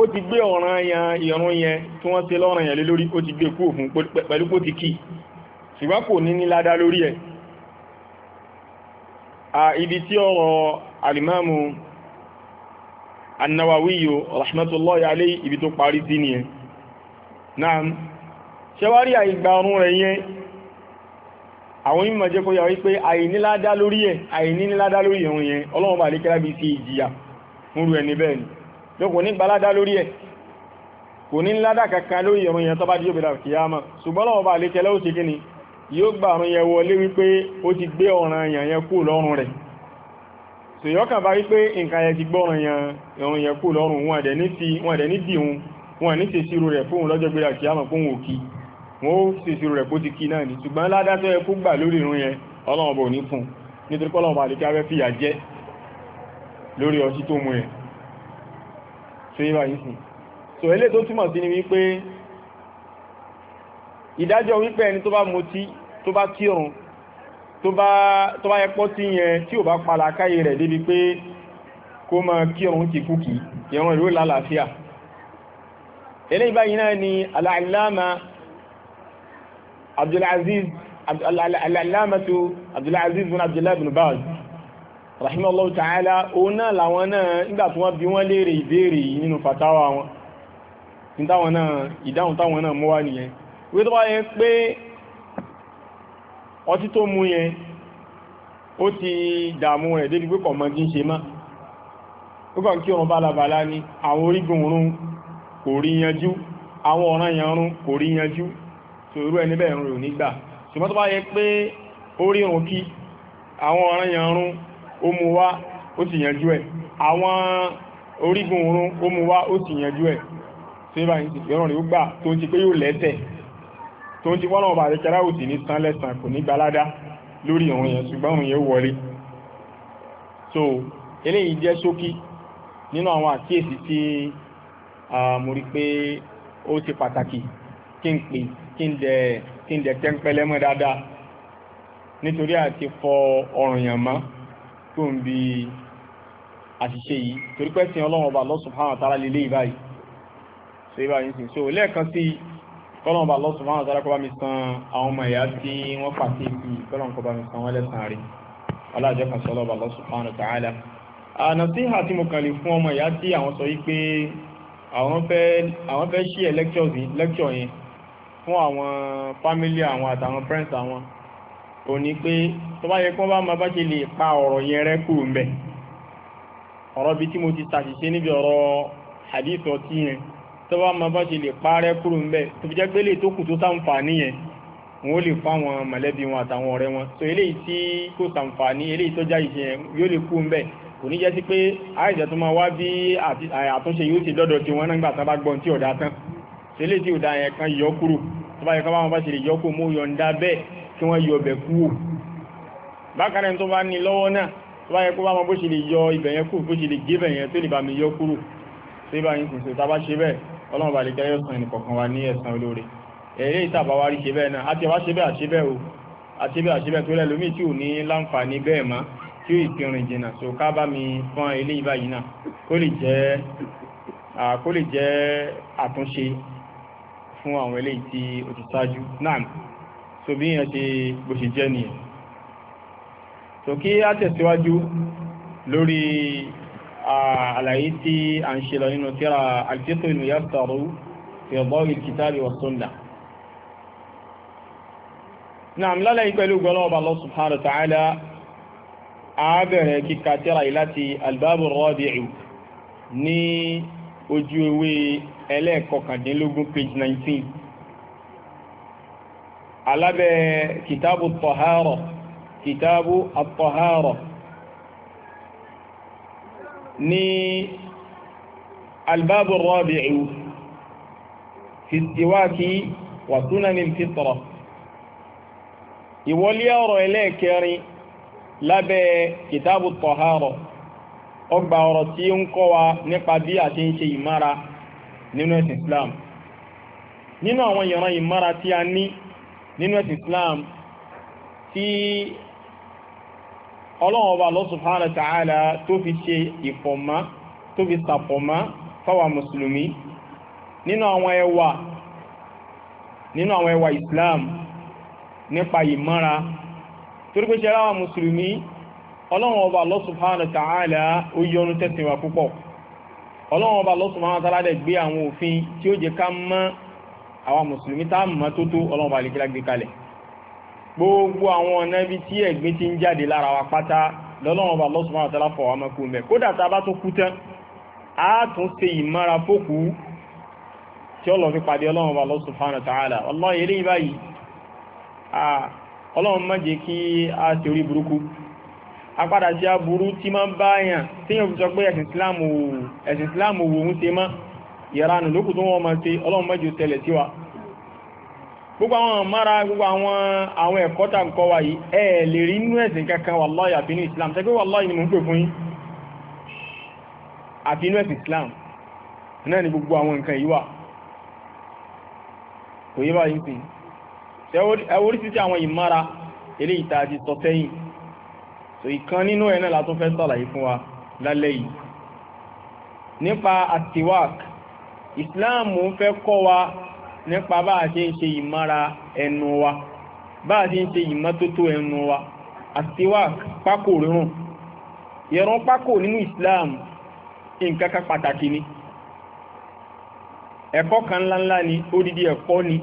ó ti gbé ọ̀ràn yan ìrun yẹn tí wọ́n ṣe lọ́ràn yẹn lé lórí ó ti gbé kúrò fún pẹ̀lú kó ti kí ṣùgbọ́n kò ní ní ládá lórí ẹ̀ ibi tí ọ̀rọ̀ alimamu annawawiyo rahmatullahi alayhi ibi tó parí sí nìyẹn náà ṣẹwárí àìgbàrún rẹ̀ yẹn àwọn onímọ̀ jẹ́ kó yà wípé àìníládá lórí ẹ̀ àìníládá lórí ìrun yẹn ọlọ́run bà lè kẹ́lá bí sí ìjìyà fúnrú ẹni bẹ́ẹ̀ ni tó kò ní gbaládá lórí ẹ̀ kò ní ládá kankan lórí ìrun yẹn tó bá díò bèèrè kìyàmá ṣùgbọ́n lọ́wọ́ bá lè kẹlẹ́ ó ṣe kíni yóò gbà rún yẹ wọlé wípé ó ti gbé ọ̀ràn èèyàn yẹn kú lọ́rùn rẹ̀ ṣèyọ́kàn bá wípé nǹkan yẹn ti gbọ́ràn yẹn ìrun yẹn kú lọ́rùn wọn ẹ̀dẹ̀ ní ti wọn ẹ̀dẹ̀ ní dìhun wọn ní ṣe ni ṣùgbọ́n ládá tó yẹ kó gbà lórí ìrun nítorí pé ọlọ́run bá fìyà jẹ lórí ọtí tó mu yẹn tó yíba yìí sí so ilé tó túmọ̀ sí ni wípé ìdájọ́ wípé ẹni tó bá mutí tó bá kírun tó bá ẹpọ́ tí yẹn tí ò bá pala káyé rẹ̀ débi pé kó mọ kírun kìkúkì ìran ìlú lálàáfíà eléyìí báyìí náà ni al Abdul Aziz al Abdul Aziz bin Abdullah bin rahimahullahu ta'ala òun náà làwọn náà nígbà tí wọ́n bi wọ́n léèrè ìbéèrè yìí nínú fatawa wọn ìdáhùn táwọn náà mú wá nìyẹn wí tó wá yẹn pé ọtí tó mú yẹn ó ti dààmú rẹ̀ débi pé kọ̀mọ́ tí ń ṣe má ó kàn kí ọ̀run bálabàlá ní àwọn orígun òrun kò rí yanjú àwọn ọ̀ràn yanrun kò rí yanjú tòrú ẹni bẹ́ẹ̀ rùn nígbà ṣùgbọ́n tó bá yẹ pé ó rí òun kí àwọn ọ̀ràn yanrun ó mú wá ó sì yanjú ẹ̀ àwọn orígun oorun ó mú wá ó sì yanjú ẹ̀ tí bá yìí ìrọ̀rùn ó gbà tó ń ti pé yóò lẹ́tẹ̀ tó ń ti wọ́n náà bá rẹ̀ kẹ́rà òsì ní san lẹ́sàn kò ní gbalada lórí àwọn èèyàn ṣùgbọ́n òun yóò wọlé so eléyìí jẹ́ ṣókí nínú àwọn àkíyèsí tí mo rí pé ó ti pàtàkì kí n pè kí n dẹ̀ kí n dẹ̀ tẹ́ńpẹ́lẹ́mọ́ dáadáa nítorí àti fọ ọrùn yàn mọ́ kó ń bi àṣìṣe yìí torí pé sin ọlọ́run ọba Allah subhanahu wa lélẹ́ ìbáyìí so ìbáyìí sì so lẹ́ẹ̀kan sí kọ́lọ́run ọba Allah subhanahu wa ta'ala kó bá mi san àwọn ọmọ ìyá tí wọ́n pàṣẹ sí kọ́lọ́run kó bá mi san wọ́n lẹ́sàn-án rí ọlájọ́ kan sọ́lọ́ ọba Allah subhanahu wa ta'ala ànàsíhà tí mo kàn lè fún ọmọ ìyá tí àwọn sọ yìí pé àwọn fẹ́ àwọn fẹ́ ṣí lectures yìí lecture family àwọn friends ò ní pé tó bá yẹ kó bá máa bá ṣe lè pa ọ̀rọ̀ yẹn rẹ́ kù ń bẹ̀ ọ̀rọ̀ bí tí mo ti ṣàṣìṣe níbi ọ̀rọ̀ hadith ọtí yẹn tó bá máa bá ṣe lè pa rẹ́ kúrò ń bẹ̀ tó fi jẹ́ pé lè tó kù tó sàǹfààní yẹn wọn ó lè fáwọn mọ̀lẹ́bí wọn àtàwọn ọ̀rẹ́ wọn so eléyìí tí kò sàǹfààní eléyìí tó já yẹn yóò lè kú ń kí wọ́n yọ ọbẹ̀ kúrò bákanáà tó bá ní lọ́wọ́ náà tó bá yẹ kó bá mọ bó ṣe lè yọ ibẹ̀ yẹn kúrò bó ṣe lè gé bẹ̀ yẹn tó lè bá mi yọ kúrò tó bá yín sùn tá bá ṣe bẹ́ẹ̀ ọlọ́run bá lè kẹ́rẹ́ mi fọ́n ilé ìbá yìí náà kó lè jẹ́ kó lè jẹ́ àtúnṣe fún àwọn eléyìí tí ó ti ṣáájú náà so bí yàn ṣe bó ṣe jẹ́ nìyẹn so kí a tẹ̀síwájú lórí àlàyé tí a ń ṣe lọ nínú tíra al-fiqhul muyassar fi dawi al-kitabi wa sunnah naam lálẹ́ pẹ̀lú gbọ́lọ́ọ̀bà Allah subhanahu wa ta'ala a bẹ̀rẹ̀ kíkà tíra láti al-babu ar-rabi'u ní ojú page 19 alábẹ́ kìtàbù tọ̀hárọ̀ kìtàbù àtọ̀hárọ̀ ní albábù rọ́bìí fìsíwákí wà súnanì fìtọ̀rọ̀ ìwọlé ọ̀rọ̀ ẹlẹ́ẹ̀kẹrin lábẹ́ kìtàbù tọ̀hárọ̀ ọgbà ọ̀rọ̀ tí ó ń kọ́ wa nípa bí a ti ń ṣe ìmára nínú ẹ̀sìn Islam nínú àwọn ìran ìmára tí a ní nínú ẹ̀sìn Islam tí ọlọ́run ọba Allah subhanahu wa ta'ala tó fi ṣe ìfọ̀má tó fi sàfọ̀má fáwa mùsùlùmí nínú àwọn ẹwà nínú Islam nípa ìmọ́ra torí pé ṣe ráwà mùsùlùmí ọlọ́run ọba Allah subhanahu wa ta'ala ó yọ́nú tẹ́sìn wa púpọ̀ ọlọ́run ọba Allah subhanahu wa ta'ala dẹ̀ gbé àwọn òfin àwọn mùsùlùmí tá mọ́ tó tó ọlọ́run bá lè kí lágbé kalẹ̀ gbogbo àwọn ọ̀nà ibi tí ẹ̀gbin ti ń jáde lára wa pátá lọ́lọ́run bá Allah subhanahu wa ta'ala fọ̀ wá mọ́kú mẹ́ kódà tá a bá tó kú tán a tún ṣe ìmára fókù tí ọlọ́run fi pàdé ọlọ́run bá Allah subhanahu wa ta'ala ọlọ́run eléyìí báyìí ọlọ́run má jẹ́ kí a ṣe orí burúkú apádà sí aburú tí máa ń bá yàn tí yóò fi sọ pé ìranù lókù tó wọ́n ma ṣe ọlọ́run mẹ́jọ tẹ̀lẹ̀ sí wa gbogbo àwọn mara gbogbo àwọn àwọn ẹ̀kọ́ tà ń kọ́ wa yìí ẹ lè rí inú ẹ̀sìn kankan wallahi àfi inú Islam tẹ́gbẹ́ wallahi ni mo ń pè fún yín àfi inú ẹ̀sìn Islam náà ni gbogbo àwọn nǹkan yìí wà kò yé báyìí sìn ẹwọ́ orí títí àwọn ìmára eré ìta àti sọtẹ́yìn so ìkan nínú ẹ̀ náà látún fẹ́ sàlàyé fún wa lálẹ́ yìí nípa àtiwák ìsìláàmù ń fẹ́ kọ́ wa nípa bá a ṣe ń ṣe ìmára ẹnu wa bá a ṣe ń ṣe ìmọ́tótó ẹnu wa àtiwá pákò rírùn ìrun pákò nínú ìsìláàmù nǹkan pàtàkì ni ẹ̀kọ́ kan ńláńlá ni odidi ẹ̀kọ́ ni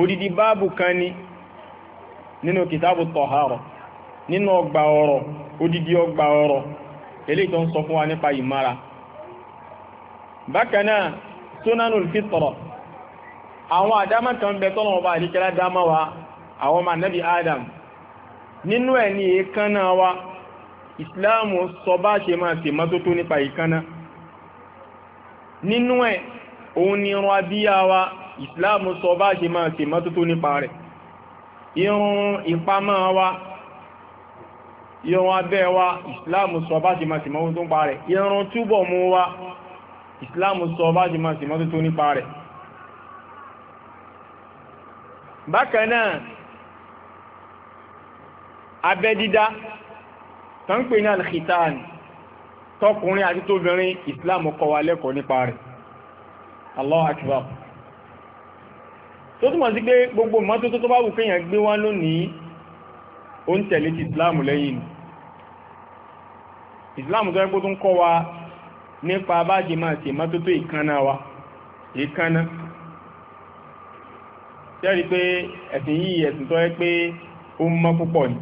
odidi báàbù kan ni nínú kìtàbù tọ̀hárọ̀ nínú ọgbà ọ̀rọ̀ odidi ọgbà ọ̀rọ̀ eléyìí tó ń sọ fún wa nípa ìmára bákan sunanul fitra àwọn àdámà kan bẹ tọ́lọ̀ ọba àdíkẹ́lá dámà wa àwọn ọmọ ànábì adam nínú ẹ̀ ní èékánná wa ìsìláàmù sọ bá ṣe máa ṣe mọ́tótó nípa ìkánná nínú ẹ̀ òun ni irun abíyá wa ìsìláàmù sọ bá ṣe máa ṣe mọ́tótó nípa rẹ̀ irun ìpamọ́ wa irun abẹ́ wa ìsìláàmù sọ bá ṣe máa ṣe mọ́tótó nípa rẹ̀ irun túbọ̀ mú wa ìsìláàmù sọ bá jẹ máa ṣèmọ́tò tó nípa rẹ̀ bákan náà abẹ́ dídá tó ń pè ní alkhitan tọkùnrin àti tóbìnrin ìsìláàmù kọ́ lẹ́kọ̀ọ́ nípa rẹ̀ allah akiba. tó túnmọ̀ sí pé gbogbo mọ́tótó tó bá wù kéèyàn gbé wá lónìí ó ń tẹ̀lé ti ìsìláàmù lẹ́yìn ìsìláàmù tó yẹ kọ́ wa nípa bá jẹ máa ṣe mọ́tótó ìkánná wa ìkánná tẹ́rí pé ẹ̀sìn yìí ẹ̀sìn tó yẹ pé ó mọ́ púpọ̀ ni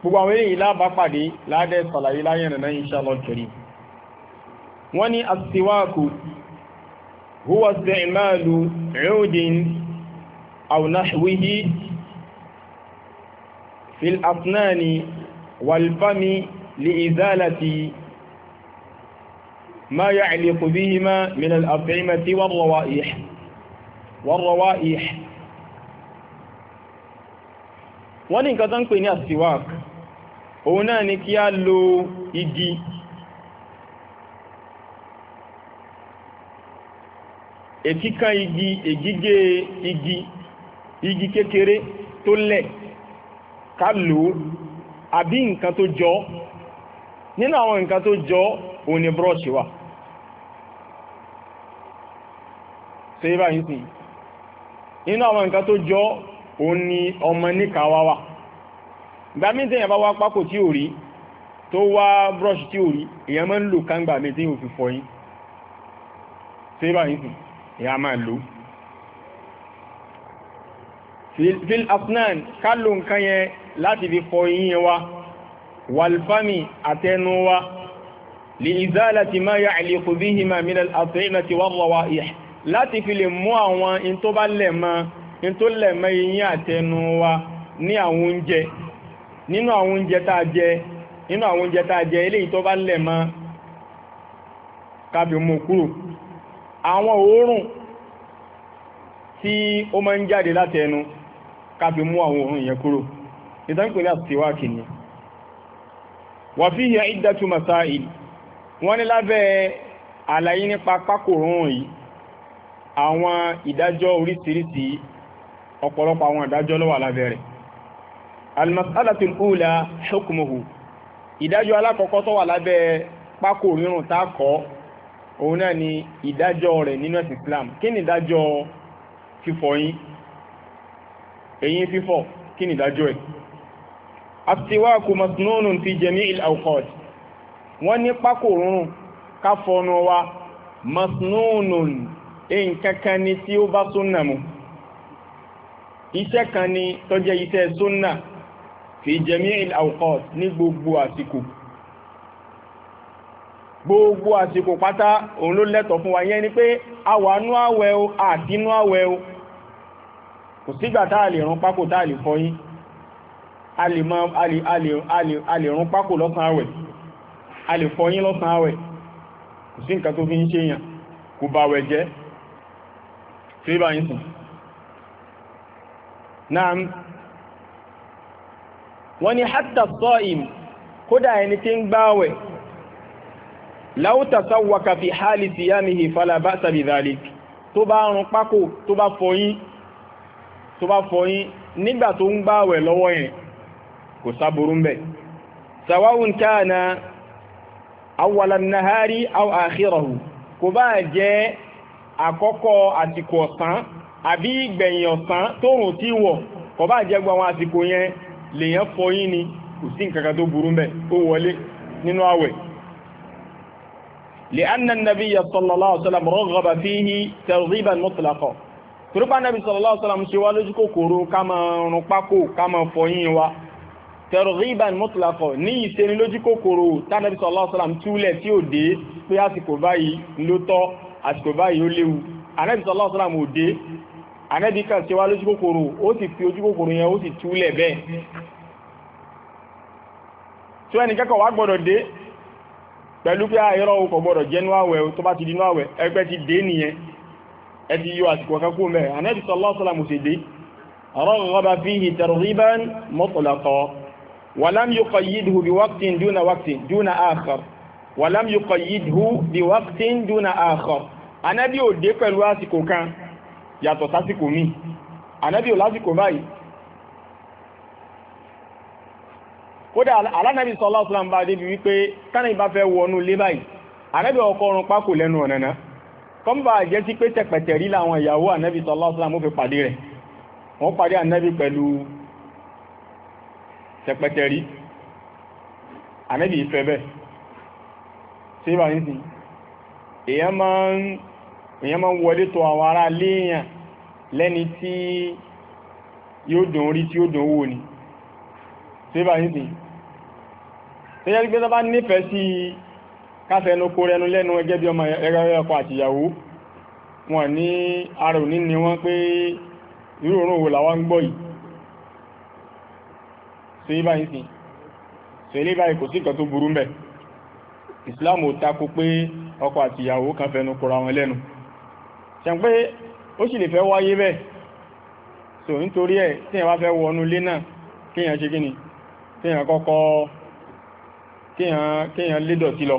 gbogbo àwọn èyí lábápàdé ládẹ́ sàlàyé láyẹ̀nà inshallah kiri ما يعلق بهما من الأطعمة والروائح والروائح wọ́n ní nǹkan tó ń pè ní àsíwák òun náà ni kí a lo igi èkíkan igi ègígé igi igi kékeré tó lẹ̀ ká lò àbí nǹkan tó jọ nínú àwọn nǹkan tó jọ òun ni brọ́ọ̀ṣì wà ṣe bá yìí sìn inú àwọn nǹkan tó jọ òun ni ọmọ níka wá wà gbà mí tẹ́yìn bá wá pákò tí ò rí tó wá brush tí ò rí èèyàn máa ń lò kángbà mi tí ò fi fọ ṣe bá yìí sìn èèyàn máa lò fil asnan ká lò nǹkan yẹn láti fi fọ yín wa wàlfàmì àtẹnu wa li izalati ma ya'liqu bihima min al láti fi lè mú àwọn in tó bá lẹ̀mọ́ in tó lẹ̀mọ́ eyín àtẹnu wa ní àwọn oúnjẹ nínú àwọn oúnjẹ tá a jẹ nínú àwọn oúnjẹ tá a jẹ eléyìí tó bá lẹ̀mọ́ ká fi mú kúrò àwọn òórùn tí ó máa ń jáde látẹnu ká mú àwọn òórùn yẹn kúrò ìtànkù ní wà fi àwọn ìdájọ́ oríṣiríṣi ọ̀pọ̀lọpọ̀ àwọn ìdájọ́ ló wà lábẹ́ rẹ̀ almasalatul ula hukmuhu ìdájọ́ alákọ̀ọ́kọ́ tó wà lábẹ́ pákó rírùn tá òun náà ni ìdájọ́ rẹ̀ nínú ẹ̀sìn Islam kí ni ìdájọ́ fífọ̀ yín eyín fífọ̀ kí ni ìdájọ́ ẹ̀ asiwaku masnunun fi jami'il awqat wọ́n ní pákó rírùn ká wa masnunun nǹkan kan ni tí ó bá súnà mu iṣẹ́ kan ni tó jẹ́ iṣẹ́ súnà fi jami'il awqat ní gbogbo àsìkò gbogbo àsìkò pátá òun ló lẹ́tọ̀ fún wa yẹn ni pé a wà nú àwẹ̀ o àtinú àwẹ̀ o kò sígbà tá a lè rún pákó tá a lè fọyín a a lè rún pákó lọ́sàn àwẹ̀ a lè fọyín lọ́sàn àwẹ̀ kò sí nǹkan tó fi ń ṣe yàn kò bàwẹ̀ jẹ́ tí bá yìí sùn náà wọ́n ni hatta sọ́ìm kódà ẹni tí ń gbáwẹ̀ law tasawwaka fi hali siyamihi fala ba'sa bi dhalik tó bá rún pákò tó bá fọyín tó bá fọyín nígbà tó ń gbáwẹ̀ lọ́wọ́ yẹn kò sáburú ń bẹ̀ sawa'un kana awwala nahari aw akhirahu kò bá jẹ́ àkọ́kọ́ àsìkò ọ̀sán àbí ìgbẹ̀yìn ọ̀sán tóòrùn tí wọ̀ kò bá jẹ́ gbọ́ àwọn àsìkò yẹn lèyàn fọyín ni kò sí nǹkan tó burú mẹ́ ó wọlé nínú àwẹ̀ لأن النبي صلى الله عليه وسلم رغب فيه ترغيبا مطلقا torípa nàbí sallallahu alaihi wasallam ṣe wá lójú kòkòrò ká máa rún pákó ká máa fọyín wa targhiban mutlaqan ní ìṣeni lójú kòkòrò tánàbí sallallahu alaihi wasallam túlẹ̀ àsìkò báyìí ó léwu anẹ́bí sọ lọ́sọ́lá mò dé anẹ́bí kan ṣe wá lójú kòkòrò ó sì fi ojú kòkòrò yẹn ó sì túlẹ̀ bẹ́ẹ̀ tí wọ́n ní kẹ́kọ̀ọ́ wá gbọ́dọ̀ dé pẹ̀lú pé àìrọ̀ ah, o kò gbọ́dọ̀ jẹ́nu àwẹ̀ tó bá ti dínú àwẹ̀ ẹgbẹ́ ti dé wàlám yóò kọ̀ yìí hu bí wákìtí ń dúnà àkọ́ anábì ò dé pẹ̀lú àsìkò kan yàtọ̀ sásìkò mi anábì ò lásìkò báyìí kódà alánàbì sọlá ọ̀sán bá débi wípé tánà ìbá fẹ́ wọnú ilé báyìí anábì ọkọ̀ ọrùn pákó lẹ́nu ọ̀nà kọ́mbà jẹ́ sí pé tẹ̀pẹ̀tẹ̀ rí láwọn ìyàwó ànábì sọlá ọ̀sán ó fi pàdé rẹ̀ wọ́n pàdé ànábì pẹ̀lú tẹ̀pẹ̀tẹ̀ rí ànábì ìfẹ́ bẹ́ẹ̀ tí bá ní sí èyàn máa ń wọlé tọ̀ àwọn ará léèyàn lẹ́ni tí yóò dùn orí tí ó dùn owó ni tí bá ní sí tí yẹ́ gbé sábà nífẹ̀ẹ́ sí káfẹ́ ẹnu kó rẹnu lẹ́nu ẹgẹ́ bí ọmọ ẹgbẹ́ ọkọ àtìyàwó wọn ní ara òní ni wọ́n pé irú òórùn làwọn ń gbọ́ yìí tí bá ní sí tí ilé báyìí kò sí nǹkan tó burú mbẹ̀ islam ò takò pé ọkọ àti ìyàwó kan fẹnu kọra wọn lẹ́nu ṣe pé ó sì lè fẹ́ wáyé bẹ́ẹ̀ so nítorí ẹ̀ tí èèyàn bá fẹ́ wọnú ilé náà kéèyàn ṣe kí ni kéèyàn kọ́kọ́ kéèyàn lédọ̀tí lọ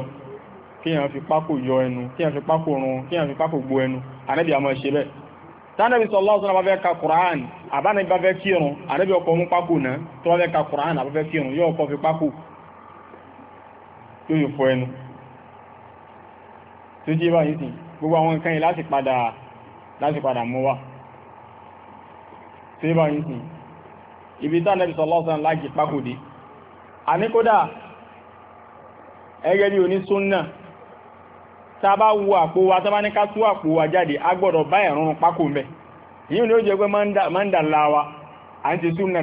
kéèyàn fi pákò yọ ẹnu kéèyàn fi pákò run kéèyàn fi pákò gbo ẹnu ànábì àmọ́ ṣe bẹ́ẹ̀ tánàbí sallallahu alaihi wasallam bá fẹ́ ka Qur'an àbánàbí bá fẹ́ kírun ànábì ọkọ̀ mú pákò náà tó bá fẹ́ ka Qur'an àbá fẹ́ kírun yóò kọ́ fi pákò tó yìí fọ ẹnu tó jẹ́ gbogbo àwọn nǹkan yìí láti padà láti padà mú wá ibi tá nẹ́bí sọlọ́sàn láàjì pákòdé àní kódà ẹgẹ́ bí oní súnnà tá bá wo àpò wa tá bá ní ká tú àpò wa jáde a gbọ́dọ̀ ni ó jẹ́ pé ń dà láwa à súnnà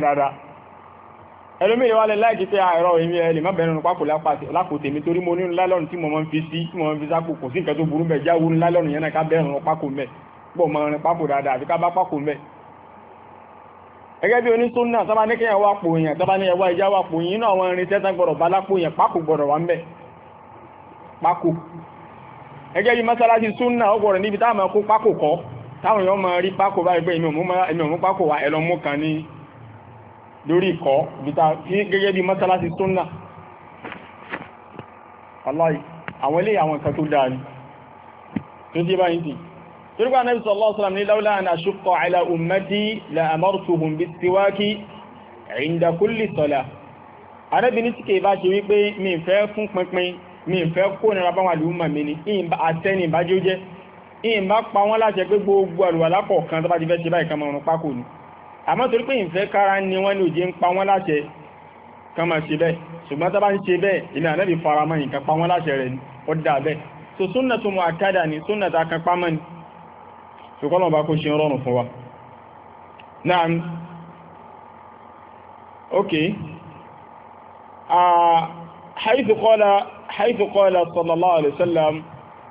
ẹlòmíì wà lẹ láìjí pé àìrọ ah, èmi ẹ lè má bẹ̀rẹ̀ nípa kò lápò tèmi torí mo ní lálọ́run tí mo máa ń fi sí tí mo máa ń fi sápò kò sí nǹkan tó burú bẹ̀ jáwó ní lálọ́run yẹn náà ká bẹ̀rẹ̀ nípa kò mẹ́ pọ̀ mọ́ rin pápò dáadáa àbí ká bá pápò mẹ́. gẹ́gẹ́ bí oní sunna sábà ní kéèyàn wà pò yẹn sábà ní ẹwà ìjà wà pò yẹn inú àwọn irin tẹ́tàn gbọ́dọ̀ bá lápò yẹn pákò gbọ́dọ̀ wà ń bẹ̀ pákò. gẹ́gẹ́ bí mọ́sálásí sunna ó gbọ́dọ̀ níbi táwọn máa kó pákò kọ́ táwọn èèyàn máa rí pákò báyìí pé èmi ò mú pákò wá ẹ lọ mú kan ní lórí ìkọ́ gẹ́gẹ́ bí mọ́sálásí sunna àwọn ilé àwọn nǹkan tó dáa ni tó jẹ́ báyìí tí turba nabi sallallahu alaihi wasallam ni laula an ashqa ala ummati la amartuhum bis siwaki inda kulli salah arabi ni tike bá ṣe wí pé mi fẹ́ fún pinpin mi fẹ́ kó nira bá wa lu umma mi ni in ba ateni ba àmọ́ torí pé ìfẹ́ kára ní wọ́n ní òjé ń pa wọ́n láṣẹ kan máa ṣe bẹ́ẹ̀ ṣùgbọ́n tó bá ń ṣe bẹ́ẹ̀ ilẹ̀ ànábì fara mọ́ nǹkan pa wọ́n láṣẹ rẹ̀ ó dà bẹ́ẹ̀ so súnà tó mọ àkádà ni súnà tá a kan pamọ́ ni ṣùgbọ́n lọ́ba kó ṣe rọrùn fún wa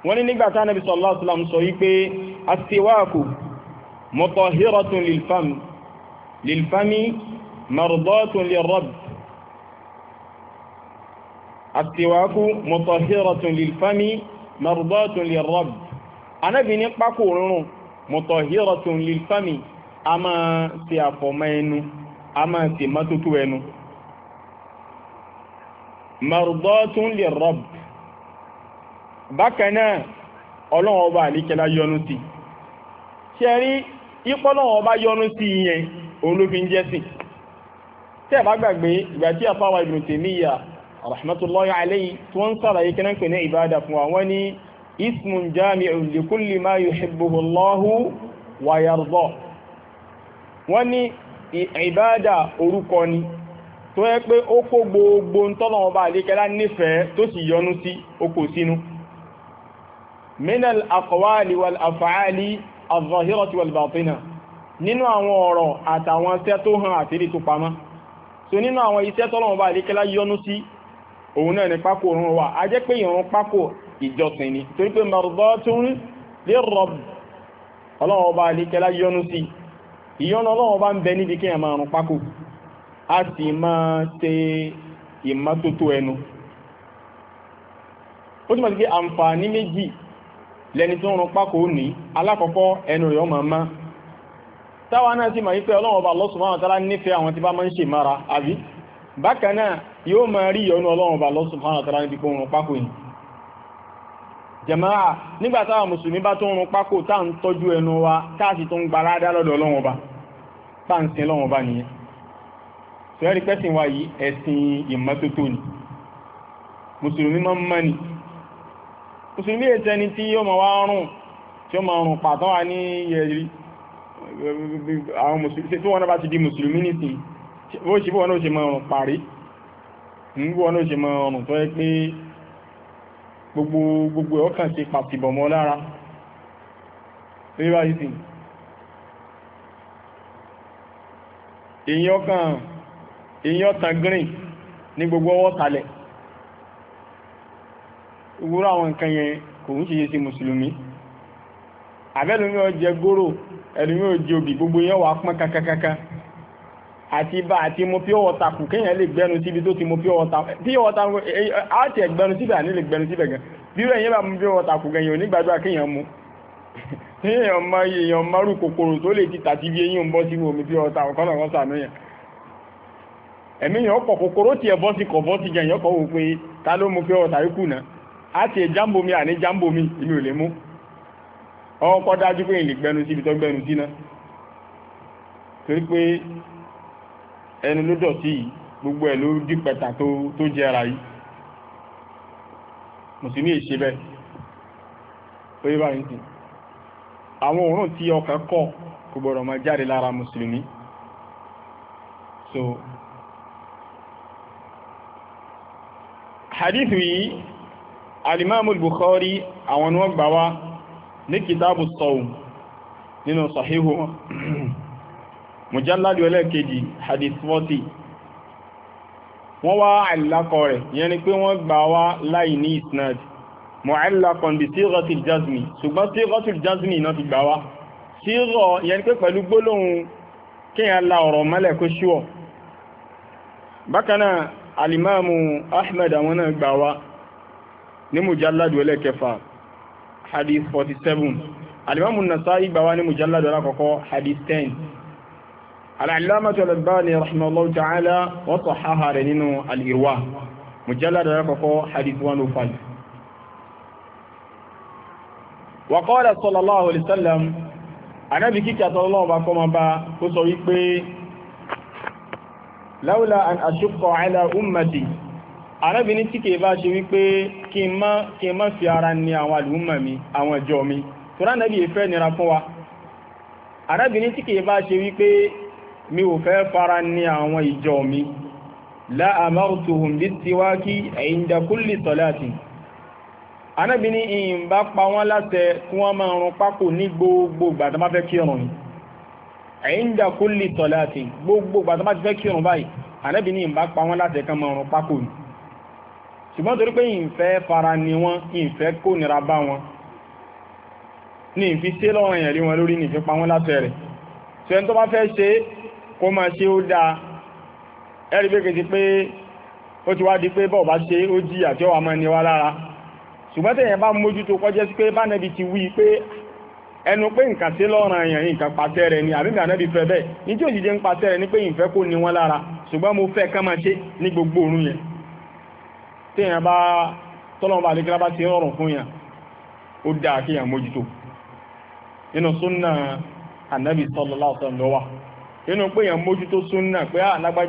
wọ́n ní nígbà tá ànábì sallallahu alaihi wasallam sọ wípé asiwaaku mutahiratun lil fam للفم مرضات للرب السواك مطهرة للفم مرضات للرب أنا بني قاكورون مطهرة للفم أما سيافومين أما سيماتوتوين مرضات للرب بكنا ọlọ́run ọba àlékẹ́lá yọ́nú sí ṣe rí ipọ́lọ́run ọba yọ́nú sí ìyẹn òun ló fi ń jẹ́sìn tẹ́ bá gbàgbé ìgbà tí àfáwà Ibn Taymiyyah rahmatullahi alayhi tí wọ́n ń sàlàyé kí náà pè ní ìbádà fún àwọn ní ismun jami'un li kulli ma yuhibbuhu Allahu wa yarda wọ́n ní ìbádà orúkọ ni tó yẹ pé ó kó gbogbo tọ́lọ̀wọ́ nínú àwọn ọ̀rọ̀ àtàwọn iṣẹ́ tó hàn àtìrí tó pamọ́ so nínú àwọn iṣẹ́ tọ́lọ́run bá àríkẹ́lá yọ́nú sí òun náà ni pákó òun wà á jẹ́ pé ìrun pákó ìjọsìn ni torí pé mardatun lirrabb ọlọ́run bá àríkẹ́lá yọ́nú sí ìyọ́nú ọlọ́run bá ń bẹ níbi kí ẹ̀mà àrùn pákó a sì máa ṣe ìmọ́tótó ẹnu ó túnmọ̀ sí pé àǹfààní méjì lẹni tó ń rún pákó ní alákọ̀ọ́kọ́ ẹnu rẹ̀ ọmọ máa táwa náà sì máa ń fẹ́ ọlọ́run ọba Allah subhanahu wa ta'ala nífẹ̀ẹ́ àwọn tí bá máa ń ṣe mara àbí bákan náà yóò máa rí ìyọnu ọlọ́run ọba Allah subhanahu wa ta'ala níbi kó rún pákó yìí jàmáà nígbà táwa mùsùlùmí bá tó rún pákó tá ń tọ́jú ẹnu wa tá sì tó ń gba lọ́dọ̀ ọlọ́run ni mùsùlùmí máa ń mọ́ ni mùsùlùmí ètò ẹni tí yóò máa wá rùn tí ó máa rùn pàtó wa ní àwọn mùsùlùmí tí wọ́n bá ti di mùsùlùmí nìsìn ó ṣe bí wọ́n náà ṣe mọ ọrùn parí ń bí wọ́n náà ṣe mọ ọrùn tó yẹ pé gbogbo gbogbo ọkàn ṣe pàtìbọ̀mọ́ lára rí bá yìí sìn èyàn kan èyàn tan green ní gbogbo ọwọ́ talẹ̀ ìwúrọ̀ àwọn nǹkan yẹn kò ń ṣe ṣe mùsùlùmí àbẹ́lùmí ọjẹ́ góró ẹ̀lùmí òjì obì gbogbo yẹn wà pọ́n kankankankan àti bá àti mo pure water kù kéèyàn lè gbẹnu síbi tó ti mo pure water pure water ti ẹ̀gbẹnu síbẹ̀ àní lè gbẹnu síbẹ̀ gan bí rẹ̀ yẹn bá mo pure water kù gan yẹn ò ní gbàdúrà kéèyàn mu èèyàn mọ èèyàn mọ́rù kòkòrò tó lè ti bí eyín ń bọ́ sí omi kan sànú yẹn ẹ̀mí yẹn ọkọ̀ kòkòrò tiẹ̀ bọ́ sí kọ̀ bọ́ sí yẹn ọkọ̀ wò pé ta ló mo pure kù náà ẹ̀ jámbomi àní jámbomi ìlú ò lè mú ọkọ̀ dájú pé ìlè gbẹnu síbi tó gbẹnu dínà torí pé ẹnu ló dọ̀tí yìí gbogbo ẹ̀ ló dípẹta tó jẹra yìí mùsùlùmí ìṣe bẹ́ẹ̀ tó yẹ báyìí sí àwọn òórùn tí ọkàn kọ kò gbọdọ̀ máa jáde lára mùsùlùmí so hadithu yìí alimamu Bukhari àwọn ni wọ́n gbà wá ní kìtàbù sọ́un nínú sọ̀híhù wọn mùjáládì ẹlẹ́kejì hadith 40 wọ́n wá àìlákọ̀ rẹ̀ yẹn ni pé wọ́n gbà wá láì ní isnad mu'allaqan bi sighatil jazmi ṣùgbọ́n sighatil jazmi náà ti gbà alimamu ahmed àwọn náà gbà wá ní mùjáládì ẹlẹ́kẹfà hadith 47 alimamu nasa'i gbawa ni mujalladu alakọ̀kọ́ hadith 10 al'alamatu al'albani rahimallahu ta'ala wọ́n sọ haha rẹ̀ nínú al'irwa mujalladu alakọ̀kọ́ hadith 105 wa qala sallallahu alaihi wasallam anábi kíkà sallallahu bá kọmọ bá ó sọ wípé laula an ashukka ala ummati arábìnrin tí kìí bá ṣe wípé kí n má fi ara ní àwọn àlùmọ̀ mi àwọn ìjọ mi tó ránàbí ìfẹ́ nira fún wa arábìnrin tí kìí bá ṣe wípé mi ò fẹ́ fara ní àwọn ìjọ mi la amartuhum bit-siwaki 'inda kulli salatin arábìnrin ìyìn bá pa wọ́n láṣẹ kí wọ́n máa rún pákò ní gbogbo ìgbà tó bá fẹ́ kírun ni 'inda kulli salatin gbogbo ìgbà tó bá ìyìn bá pa wọ́n láṣẹ ṣùgbọ́n torí pé ìfẹ́ fara ni wọ́n ìfẹ́ kó nira bá wọn ní ìfi ṣe lọ́rọ̀ èèyàn lé wọn lórí ní ìfipá wọn látẹ̀ rẹ̀ tí ẹni tó bá fẹ́ ṣe kó máa ṣe ó dáa ẹ̀rí pé kejì pé ó ti wá di pé bọ́ọ̀ bá ṣe ó jí àti ọwà máa ní wá lára ṣùgbọ́n tẹ̀yẹn bá mójútó kọjẹ́ sí pé bánẹ́bí ti wí pé ẹnu pé nǹkan ṣe lọ́rọ̀ èèyàn nǹkan pàṣẹ rẹ̀ ni àbí bánẹ́bí fẹ́ bẹ́ẹ̀ ní tí òjìjẹ́ ń pàṣẹ rẹ̀ ni pé ìfẹ́ kó ní wọn lára ṣùgbọ́n mo fẹ́ ká máa ṣe ní gbogbo téèyàn bá tọ́lọ́wọ́n bá àdékẹ́lá bá ti rọrùn fún ó dáa kí mójútó nínú súnà ànábì sallallahu alaihi wasallam pé yàn mójútó súnà pé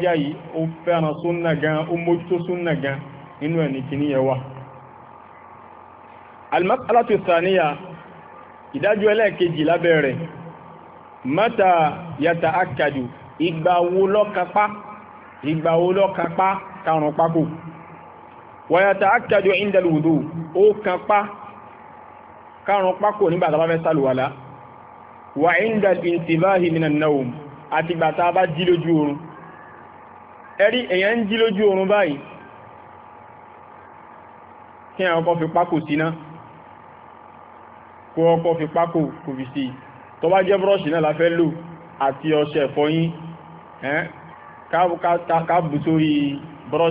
yìí ó fẹ́ràn gan ó mójútó súnà gan nínú ẹni kìíní mata yata akadu wọ́yàtà àkàjọ ìndẹ̀lùwùdó ó kan pá kárùn pákò nígbà tàbá fẹ́ sàlùwàlá wà ìndẹ̀lùwìntìbáhì minan naum àti gbà tàà bá jí lójú oorun ẹ̀rí èyàn ń jí lójú oorun báyìí kí àwọn ọkọ̀ fi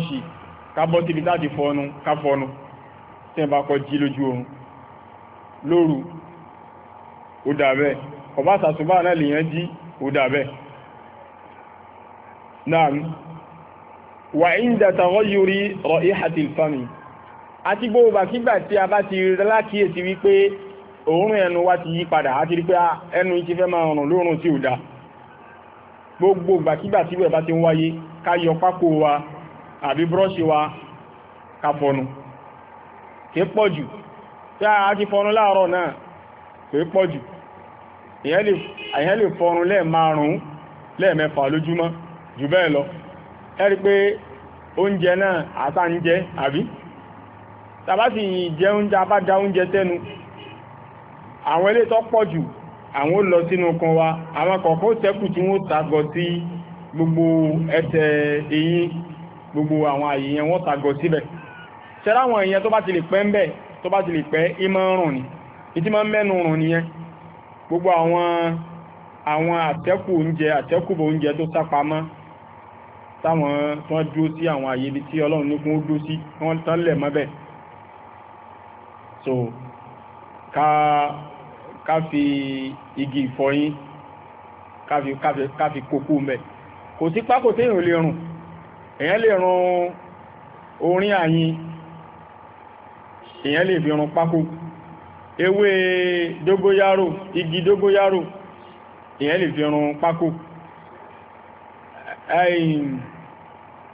pákò kábọ́ síbi láti fọnu káfọnu tí ẹ bá kọ jí lójú oorun lóru ó dà bẹ́ẹ̀ ọba sàtúbà náà lèyàn jí ó dà bẹ́ẹ̀ náà wà ń dàtà wọ́n yóò rí rọ̀ ìhàtì ìfàmì àti gbogbo àkígbà tí a bá ti lákíyèsí wípé òórùn ẹnu wa ti yí padà àti rí pé ah, ẹnu ti fẹ́ máa rùn lóòrùn tí ò dá gbogbo ìgbàkígbà tí wẹ̀ bá ti ń wáyé ká yọ pákó wa àbí brọ́ṣì wa ká fọnu kì í pọ̀jù tí a ti fọnu láàárọ̀ náà kì í pọ̀jù èyàn lè fọnu lẹ́ẹ̀márùn-ún lẹ́ẹ̀mẹ́fà lójúmọ́ jù bẹ́ẹ̀ lọ ẹ pé oúnjẹ náà àtà ń àbí tàbá jẹ oúnjẹ oúnjẹ tẹ́nu gbogbo ẹsẹ̀ gbogbo àwọn àyè yẹn wọ́n tagọ síbẹ̀ ṣẹ́rá àwọn èèyàn tó bá ti lè pẹ́ ń bẹ̀ tó bá ti lè pẹ́ ìmọ̀ rùn ni ìtí máa ń mẹ́nu rùn nìyẹn gbogbo àwọn àwọn àtẹ́kù oúnjẹ àtẹ́kù oúnjẹ tó sápamọ́ táwọn tó dúró sí àwọn àyè ibi tí ọlọ́run ní kún ó dúró sí wọ́n tán lẹ̀ mọ́ bẹ́ẹ̀ so ká ká fi igi ìfọyín ká fi ká fi kókó mẹ́ kò sí pákó téèyàn lè rùn èyàn lè rún orin àyín èyàn lè fi rún pákó ewé dógóyárò igi dógóyárò èyàn lè fi rún pákó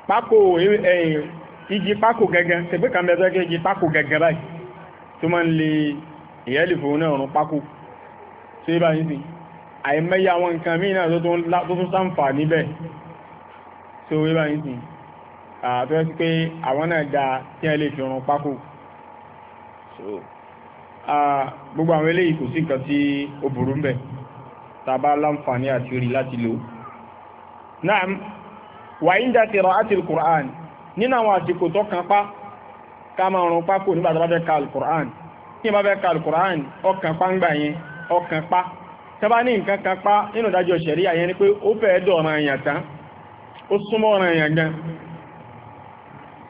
pákó igi pákó gẹ́gẹ́ tẹ̀gbẹ́ kan bẹ́ẹ̀ tẹ́gbẹ́ igi pákó gẹ́gẹ́ báyìí tó máa ń lè èyàn lè fòun náà rún pákó tó yíba yìí sí àìmẹ́yà àwọn nǹkan míì náà tó tún sáǹfà níbẹ̀ tó yíba yìí sí a yẹ sí pé àwọn náà ẹ lè fi ọrùn pákó gbogbo àwọn eléyìí kò sí nǹkan tí ó burú ń tàbá láǹfààní àti rí láti lò náà wà ń dá tẹ̀rọ àti al nínú àwọn àsìkò tó kan pa ká máa rún pákó nígbà tó bá fẹ́ ka al-Qur'an tí fẹ́ ka ọkàn pa ń gbà yẹn ọkàn pa ní ni pé ó fẹ́ èèyàn tán ó súnmọ́ ọ̀ràn èèyàn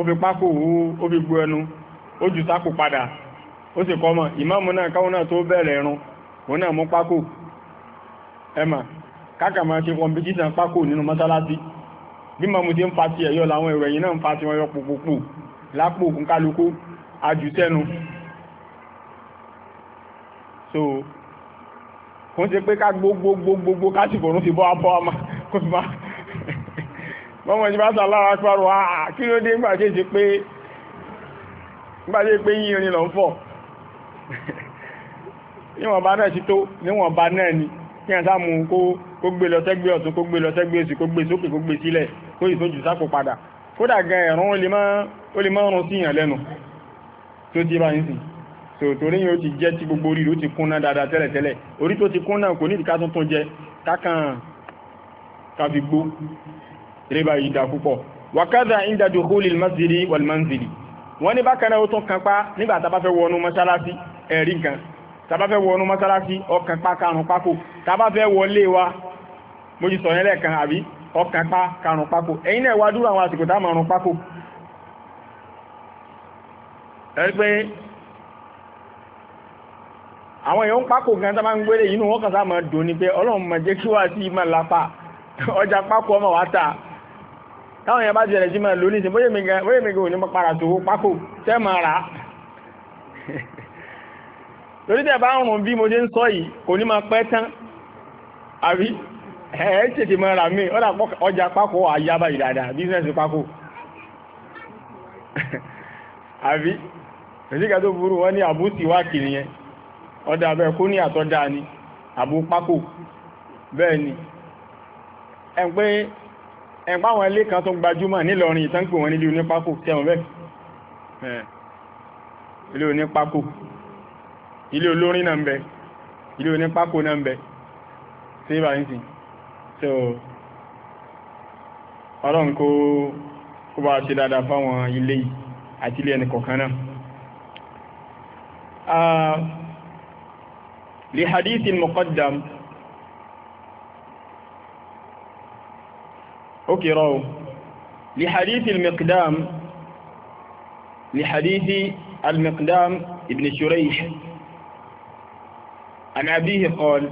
ó fi pákó wú ó fi gbu ẹnu ó jù sákò padà ó sì kọ́ mọ̀ ìmáàmù náà káwọn náà tó bẹ̀rẹ̀ ẹ̀rùn òun náà mú pákó ẹ̀mà káàkà máa ṣe kọmpítíṣàn pákó nínú mọ́sálásí bí màmú ti ń fa ti ẹ̀yọ́ làwọn èrò ẹ̀yìn náà ń fa ti wọn yọ pòpòpò lápò kúnkálukú ajùtẹ́nu so kò ń ṣe pé ká gbogbogbogbogbò kásìkò òun fi bọ́ abọ́ ọmọ kó fi máa mọ́mọ́ ìjọba sàlára pàrọ̀ àà kí ló dé gbàjẹ́ pé gbàjẹ́ pé yín irin lọ ń fọ̀ níwọ̀nba náà ti tó níwọ̀nba náà ni kí ẹ̀ sáàmù kó gbé lọ sẹ́gbẹ́ ọ̀tún kó gbé lọ sẹ́gbẹ́ òsì kó gbé sókè kó gbé sílẹ̀ kó ìsójú sápò padà kódà gan ẹ̀rún ó lè márùn sí ìyàn lẹ́nu tó ti bá ń sìn so torí yóò ti jẹ́ tí gbogbo orí ló ti kún náà dáadáa tẹ́lẹ̀tẹ́lẹ̀ orí tó ti kún náà kò ní ìdíkà tuntun jẹ kákan kàfi gbó rébà yìí dá púpọ̀ wàkádà inda dukhulil masjidi wal manzili wọ́n ní bákan náà ó tún kan pa nígbà tá a bá fẹ́ wọnú mọ́ṣáláṣí ẹ̀rí kan tá a bá fẹ́ wọnú mọ́ṣáláṣí ọkàn pa karùn pákó tá a bá fẹ́ wọlé wa mo ti sọ yẹn lẹ́ẹ̀kan àbí ọkàn pa karùn pákó ẹ̀yin náà wá dúró àwọn àsìkò tá àwọn èèyàn ń pákó gan tá máa ń gbélé yìí nù wọ́n kàn sá máa dùn ni pé ọlọ́run máa jẹ́ kí wá sí máa lápá ọjà pákó ọmọ wa ta táwọn ya bá ti ẹ̀rẹ̀ sí máa lò ní ìsìn bóyá mi gan òní para tó pákó tẹ́ máa rà lórí tẹ́ bá ń rùn bí mo ṣe ń sọ yìí kò ní máa pẹ́ tán àrí ẹ̀ tètè máa rà mí ọjà pákó àyàbá ìdàdà bísíǹsì pákó tó burú ní wá ọdọ ní ni ẹ̀páwọn ilé kan tó gbajúmọ̀ nílọrin ìtànkù wọn nílé onípákò tẹ́wọ̀n bẹ́ẹ̀ ilé onípákò ilé olórin náà ń bẹ ilé onípákò náà ń bẹ tí bá ń sìn so ọlọ́run kó kó bá ṣe dáadáa fáwọn ilé àti ilé ẹnì kọ̀ọ̀kan náà ah, li hadithin muqaddam ó kìrọ o li hadithi al-miqdam li hadithi al-miqdam ibn shurayh an abihi qala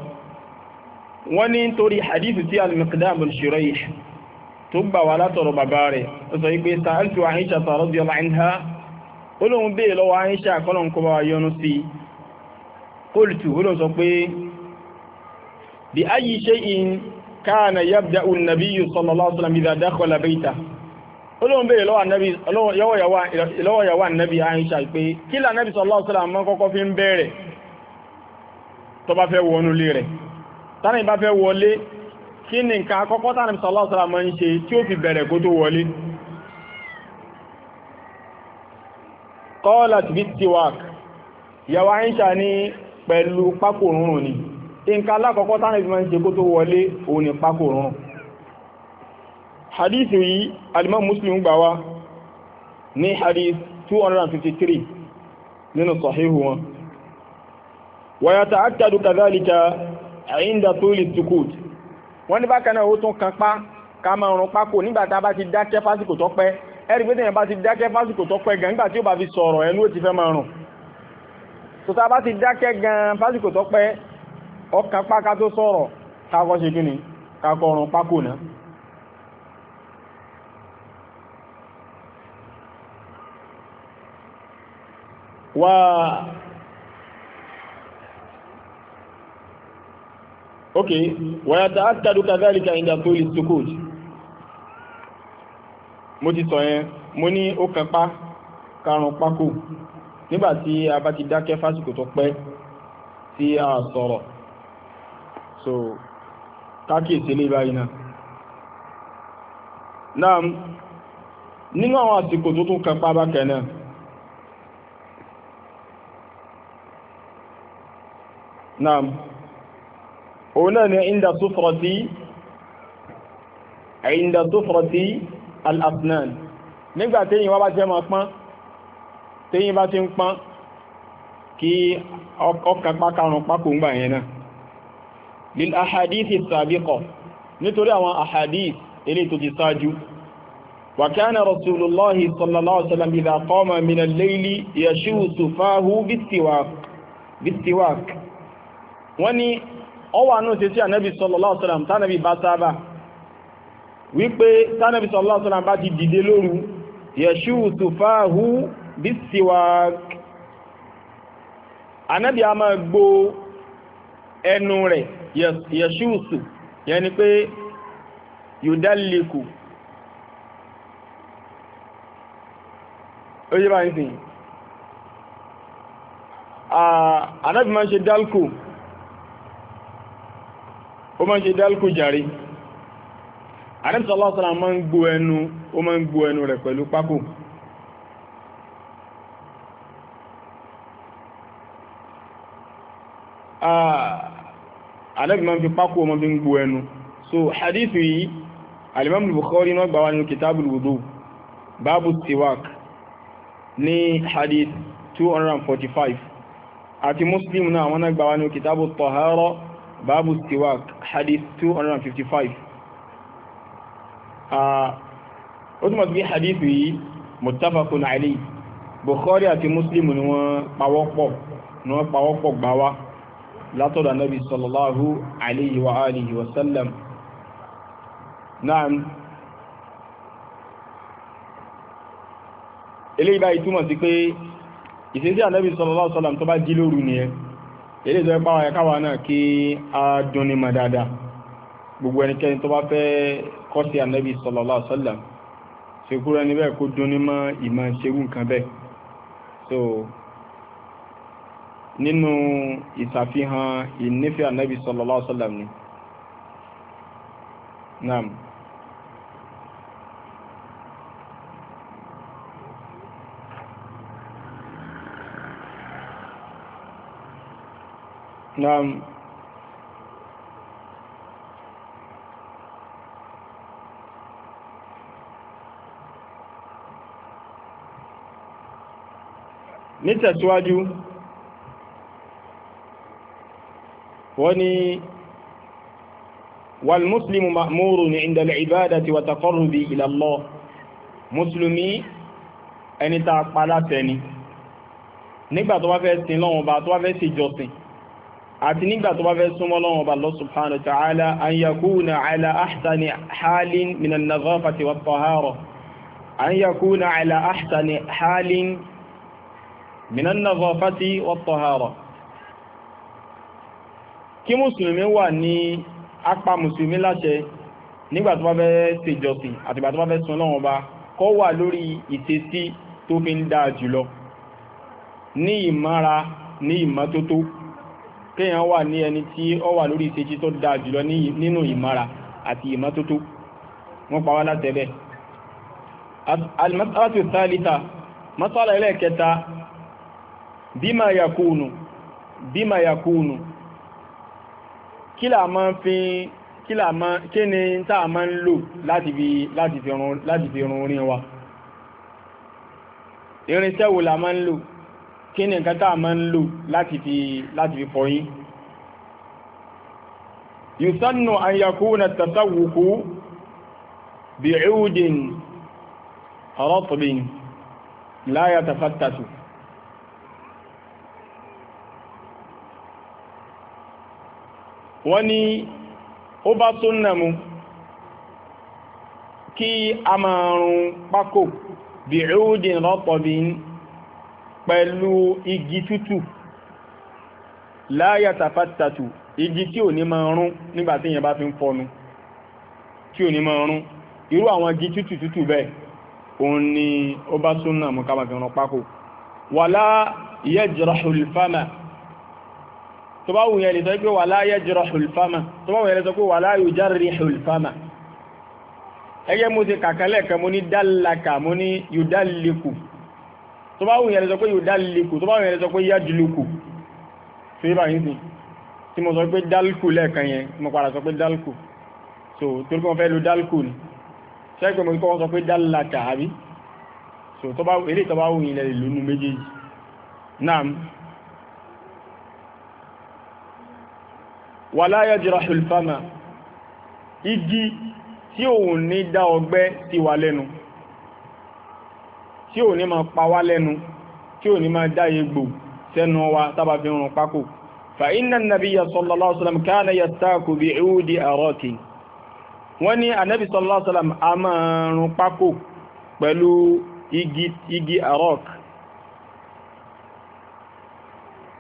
wọ́n ní torí hadithu tí al-miqdam ibn shurayh tó gbà wà látọ̀rọ̀ bàbá rẹ̀ ó sọ wípé sa'altu Aisha radiyallahu anha olóhun bèèrè lọ́wọ́ Aisha kọ́lọ̀nkọ́bà yọnu sí qultu olóhun sọ pé bi ayyi shay'in kana yabda an-nabiy sallallahu alaihi wasallam idha dakhala bayta Ọlọ́hun bèèrè lọ́wọ́ ànábì lọ́wọ́ yàwó ànábì Àìṣà pé kí là ànábì sallallahu alaihi wasallam máa kọ́kọ́ fi ń bẹ̀rẹ̀ tó bá fẹ́ wọnú lé rẹ̀ tánà ìbá fẹ́ wọlé kí ni nǹkan àkọ́kọ́ tánà ànábì sallallahu alaihi wasallam máa ń ṣe tí ó fi bẹ̀rẹ̀ kó tó wọlé qalat bit-tiwak yàwó Àìṣà ní pẹ̀lú ni nǹkan alákọ̀ọ́kọ́ tánà ìfìmọ̀ ṣe kó tó wọlé òun ni pákò rọrùn hadith yìí alimọ́ muslim gbà wá ní hadith 253 nínú sahihu wọn wa yata'akkadu kadhalika 'inda tuli sukut wọ́n ní bákanáà ó tún kan pá ká máa rún pákò nígbàtá bá ti dákẹ́ fásìkò tó pẹ́ ẹ̀rí pé tẹ̀yàn bá ti dákẹ́ fásìkò tó pẹ́ gan nígbà tí ó tó pẹ́ ọkà pákà tó sọ̀rọ̀ kakọ́ ṣe gíní kakọ́ ọrùn pákò náà wà ok wàyàtà ákàdù kàzálìkà ìdà tó lè sókòjì mo ti sọ yẹn mo ní ó kàpá karùn pákò nígbàtí a bá ti dákẹ́ fásitì tó pẹ́ tí a sọ̀rọ̀ so kákìsí lè báyìí náà náà nínú àwọn àsìkò tó tún kẹpa bákẹ náà náà òun náà ni inda sufrati inda sufrati al-asnan nígbà téyìn wá bá jẹ́ máa pán téyìn bá ti ń pán kí ọkàn pákàrùn pákó ń gbà yẹn náà lil ahadith sabiqa nítorí àwọn ahadith ilé tó ti sáájú wa kana rasulullahi sallallahu alaihi wasallam idha qama min al-layli yashusu fahu bis-siwak bis-siwak wọ́n ní ọwà náà ti tí ànábì sallallahu alaihi wasallam tánàbì bá sáábà wípé tánàbì sallallahu alaihi wasallam bá ti dìde lóru yashusu fahu bis-siwak ànábì a máa gbó yẹ̀ṣúùsù yẹn ni pé yòdálìkù ó yé bá ń sìn àdábì máa ń ṣe dálkù ó máa ń ṣe dálkù jàre àdábì máa ń gbó ẹnu ó máa ń gbó ẹnu rẹ̀ pẹ̀lú pákó Ah Ànábì máa ń fi pákó ọmọ bí ń gbo ẹnu so hadithu yìí Al-Imam Bukhari náà gbà wá nínú Kitabul Wudu hadith 245 àti Muslim náà àwọn náà gbà wá nínú Kitabu Tahara hadith 255 ó túnmọ̀ sí hadithu yìí muttafaqun alayhi Bukhari àti Muslim ni wọ́n pawọ́pọ̀ gbà wá látọ̀dọ̀ anábì sallallahu alayhi wa alihi wa sallam náà eléyìí báyìí túmọ̀ sí pé ìṣesí anábì sallallahu alayhi wa sallam tó bá jí lóru nìyẹn eléyìí tó pàwọn ẹ̀káwà náà kí a dúnni mọ̀ dáadáa gbogbo ẹnikẹ́ni tó bá fẹ́ kọ́ sí anábì sallallahu alayhi sallam ṣe kúrò níbẹ̀ kó dúnni mọ́ ìmọ̀ ṣerú nǹkan bẹ́ẹ̀ so nínú ìsàfihàn ìnífẹ́ ànábì sallallahu alaihi wasallam ni naam naam nítẹ̀síwájú wọ́n ni wal muslimu ma'muru ni inda al-ibadati wa taqarrubi ila Allah mùsùlùmí ẹni tá a pa láṣẹ ni nígbà tó bá fẹ́ sin lọ́wọ́n bá tó bá fẹ́ ṣèjọsìn àti nígbà tó bá fẹ́ súnmọ́ lọ́wọ́n bá Allah subhanahu ta'ala an yakuna ala ahsani halin min an-nadhafati wat-tahara kí mùsùlùmí wà ní apá mùsùlùmí láṣẹ nígbà tó bá fẹ́ ṣèjọsìn àtìgbà tó bá fẹ́ sun Ọlọ́run ọba kọ́ wà lórí ìṣesí tó fi ń dáa jùlọ ní ìmára ní ìmọ́tótó kéèyàn wà ní ẹni tí ó wà lórí ìṣesí tó dáa jùlọ nínú ìmára àti ìmọ́tótó wọ́n pa wá látẹ̀lẹ̀ mas'ala ẹlẹ́ẹ̀kẹta bima yakunu bima yakunu kílà mọ́ fi kílà mọ́ kí ni táà mọ́ ń lò láti fi rún orin wa irinṣẹ́ wo la mọ́ ń lò kí ni nǹkan táà mọ́ ń lò láti fi fọyín yusannu an yakuna tasawwuku bi'udin ratbin la yatafattatu wọ́n ní ó bá súnnà mu kí a máa rún pákò bí ìrúdìn rọ́pọ̀bìn pẹ̀lú igi tútù láyàtàfàtàtù igi tí ò ní máa rún nígbàtí èèyàn bá fi ń fọnu tí ò ní máa rún irú àwọn igi tútù tútù bẹ́ẹ̀ òun ni ó bá súnnà mu ká máa fi rún pákò wàlá yajrahul fama tó bá wùn yẹn lè sọ pé wà láyé jọrọ hulfama tó bá wùn yẹn lè sọ pé wà láyé járì hulfama ẹgbẹ́ mú ti kàkálẹ̀ kan mú ní dálaka mú ní yudaliku tó bá wùn yẹn lè sọ pé yudaliku tó bá wùn yẹn lè sọ pé yájuluku tó yí báyìí sí tí mo sọ pé dálkù lẹ́ẹ̀kan yẹn mo padà sọ wala yajrahul fama igi tí òun ní dá ọgbẹ́ ti wà lẹ́nu tí ò ní máa pa wá lẹ́nu tí ò ní máa dá egbò sẹ́nu wa tábà fi rùn pákò fa inna nabiyya sallallahu alaihi wasallam kana yastaku bi udi araki wọ́n ní anabi sallallahu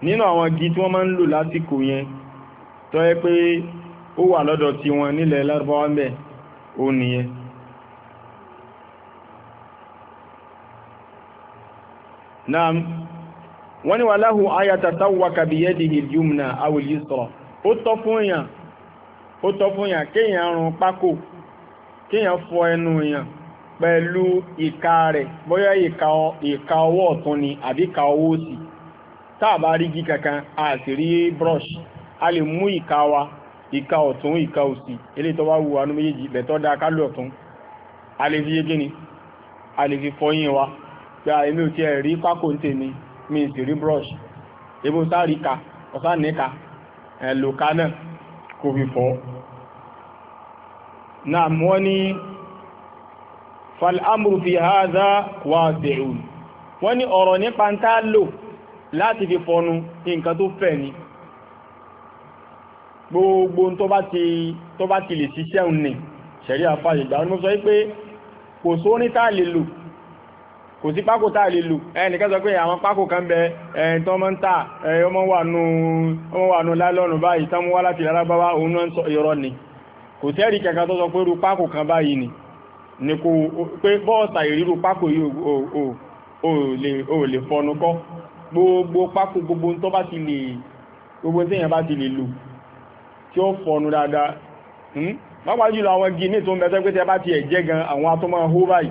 nínú àwọn igi tí wọ́n máa ń lò lásìkò yẹn tó yẹ pé ó wà lọ́dọ̀ tí wọn nílẹ̀ lárúbáwá ń bẹ̀ ó naam wọ́n ni wà láhù ayata táwàkà bí yẹ́ dìhì jùmùnà awìlì sọ̀rọ̀ ó tọ́ fún èèyàn kíyàn pákò fọ ẹnu èèyàn pẹ̀lú ìka rẹ̀ bóyá ìka ọwọ́ ọ̀tún ni kankan àti rí a lè mú ìka wa ìka ọ̀tún ìka òsì eléyìí tó bá wù wá ní méjèèjì bẹ̀tọ́ dá kálù ọ̀tún a lè fi yégé ni a lè fi fọyín wa pé èmi ò tiẹ̀ rí pákó ń tèmi mi sì rí brush ebi sáà rí ka ọ̀sán níka ẹ̀ lò ká náà kò fi fọ́ náà mọ́ ní fal'amuru fi haza wasi'un wọ́n ní ọ̀rọ̀ nípa ń tá lò láti fi fọnu nǹkan tó fẹ̀ ni gbogbo tó bá ti tó bá ti lè ṣiṣẹ́ òun ni ṣẹ̀rí àfààyè ìgbà ni mo sọ pé kò sórin tá lè lò kò sí pákó tá lè lò ẹnìkan sọ pé àwọn pákó kan bẹ ẹ̀yìn tó máa ń tà ọmọ wà nù lálọ́nù báyìí tán mú wá láti lárábáwá òun náà ń sọ irọ́ ni kò sẹ́rí kankan tó sọ pé irú gbogbo tí èèyàn bá ti lè lò tí ó fọnu dáadáa hmm? pápá jùlọ àwọn igi ní tó ń bẹ̀tẹ́ pé tẹ bá ti ẹ̀jẹ́ gan àwọn atọ́mọ̀ hó báyìí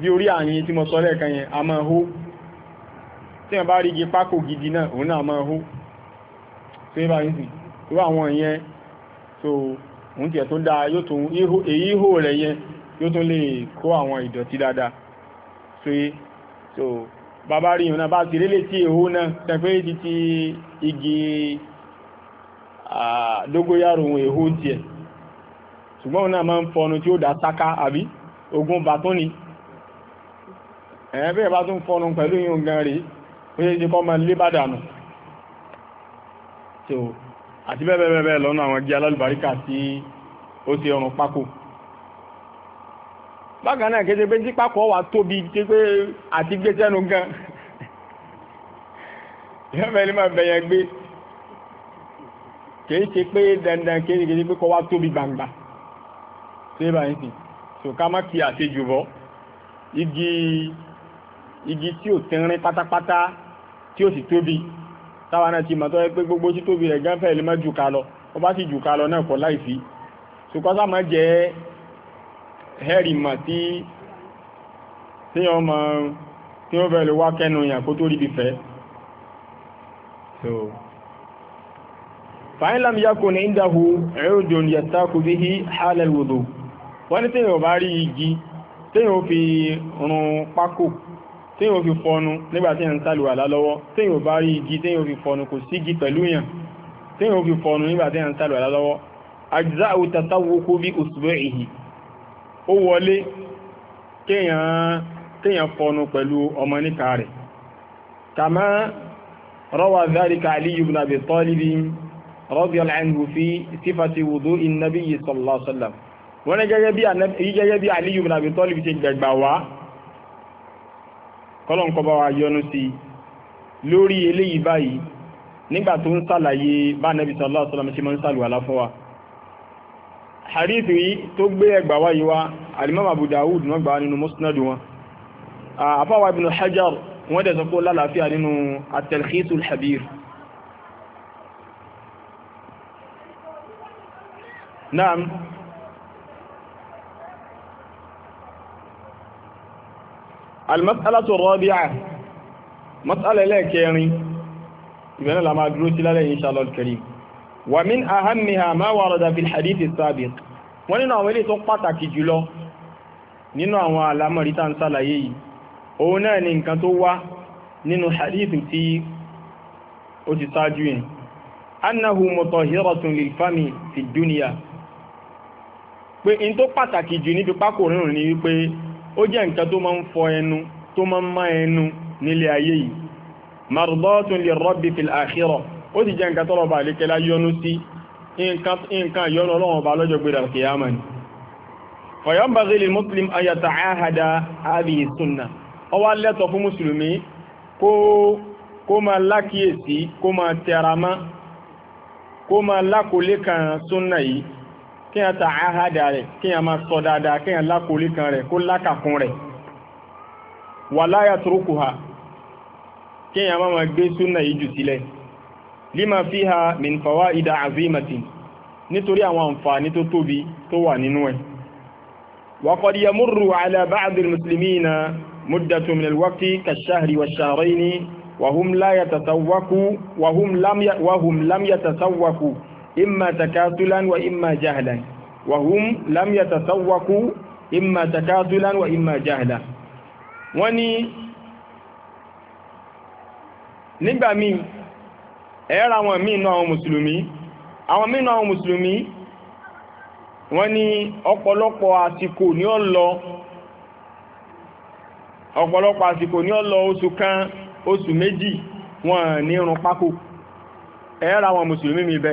bí orí àyìn tí mo sọ lẹ́ẹ̀kan yẹn a máa hó tí wọ́n bá rí igi pákó gidi náà òun náà máa hó tó yẹ bá yìí sìn tó àwọn yẹn tó òun tiẹ̀ tó dáa yóò tún èyí hó rẹ̀ yẹn yóò tún lè kó àwọn bàbá rí yìí bá ti rélé tí èhó náà tẹ̀ ti ti igi dógóyàrò ohun èhó ń tiẹ̀ ṣùgbọ́n òun náà máa ń fọnu tí ó dá sáká àbí ogun bàtún ni ẹ̀yẹ́ bí ẹ̀bá tún fọnu pẹ̀lú yíò gan rí ó yẹ kí kọ́ máa lé bá dànù so àti bẹ́ẹ̀bẹ́ẹ̀bẹ́ẹ̀ lọ́nà àwọn gí alálùbáríkà tí ó ti ọrùn pákó bákan kéde pé tí pákó wà tóbi tí pé àti gbé sẹ́nu gan ẹ̀yẹ́ bẹ́ẹ̀ ni máa bẹ̀yẹn gbé kìí ṣe pé dandan kìí ṣe pé kọ́ wá tóbi gbangba ṣé bá yín sìn so ká má kí àṣejù bọ́ igi igi tí ò tẹ́rín pátápátá tí ò sì tóbi táwa náà ti mọ̀ tó yẹ pé gbogbo tí tóbi rẹ̀ gánfẹ́ lè má jù ká lọ wọ́n bá sì jù ká lọ náà kọ́ láì fi kọ́ sáà má jẹ́ hẹ́rì mà tí tí wọ́n mọ̀ tí wọ́n fẹ́ lè wá kẹ́nu yàn kó tó ríbi fẹ́ so fàyín lam yakun ní ìdáhù ẹ̀rọ̀dùn yàtàkù bí i hálẹ̀ wòdó wọ́n ní tíyàn bá rí igi tíyàn fi rún pákò tíyàn fi fọnu nígbà tíyàn ń sàlùwà lálọ́wọ́ tíyàn bá rí igi tíyàn fi fọnu kò sí igi pẹ̀lú yàn tíyàn fi fọnu nígbà tíyàn ń sàlùwà lálọ́wọ́ àjíṣà òtàtà wókó bí òṣùwẹ̀ ìhì bin رضي الله عنه في صفة وضوء النبي صلى الله عليه وسلم wọ́n gẹ́gẹ́ bí Aliyu bin Abi Talib ṣe gbẹ̀gbà wá kọ́lọ̀nkọba wa yọ́nú sí lórí eléyìí báyìí nígbà tó ń sàlàyé bá Nabi sallallahu alaihi wasallam ṣe mọ́ ń sàlùwàlá fún wa hadith yìí tó gbé ẹgbà wáyé wá Al-Imam Abu Dawud wọ́n gbà nínú Musnad wọn àfáwà Ibn Hajar wọ́n dẹ̀ sọ pé lálàáfíà nínú At-Talkhisul Habir náà almasalatu rọ́bíà masala ẹlẹ́ẹ̀kẹrin ìbẹ̀rẹ̀ la máa dúró sí lálẹ́ inṣàlọ́ karim wà mín ahammiha ma warada fil hadith as-sabiq wọ́n nínú àwọn ilé tó pàtàkì jùlọ nínú àwọn alamọ̀rí tá ń sàlàyé yìí òun náà ni nǹkan tó wá nínú hadith tí ó ti sáájú yìí annahu mutahhiratun lil fami fi dunya pé in tó pàtàkì jù níbi pákó rírùn ni wípé ó jẹ́ nǹkan tó máa ń fọ ẹnu tó máa ń mọ́ ẹnu nílé ayé yìí mardatun li rabbi fil akhirah ó ti jẹ́ nǹkan tọ́rọ bá lékẹ́lá yọnu sí nǹkan yọnu ọlọ́run bá lọ́jọ́ gbé al-qiyamah ni sunna yanbaghi kí a ta àhádà rẹ̀ kí a máa sọ dáadáa kí a lákòólé kan rẹ̀ kó lákàkún rẹ̀ wà láyà tórókù ha kí a máa gbé súnà yìí jù sílẹ̀ lima fi ha min fawaida azimatin nítorí àwọn àǹfààní tó tóbi tó wà nínú ẹ̀ wa qad yamurru ala ba'd al-muslimina muddatu min al-waqti kash-shahri wash imma takasulan wa imma jahlan wa hum lam yatasawwaku imma takasulan wa imma jahlan wọ́n ní nígbà míì wani. àwọn míì náà àwọn mùsùlùmí àwọn míì awon àwọn mùsùlùmí wọ́n ní ọ̀pọ̀lọpọ̀ àsìkò ní ó lọ ọ̀pọ̀lọpọ̀ àsìkò ní ó kan osu meji wọ́n ní rún pákó ẹ̀ẹ́ra àwọn mi be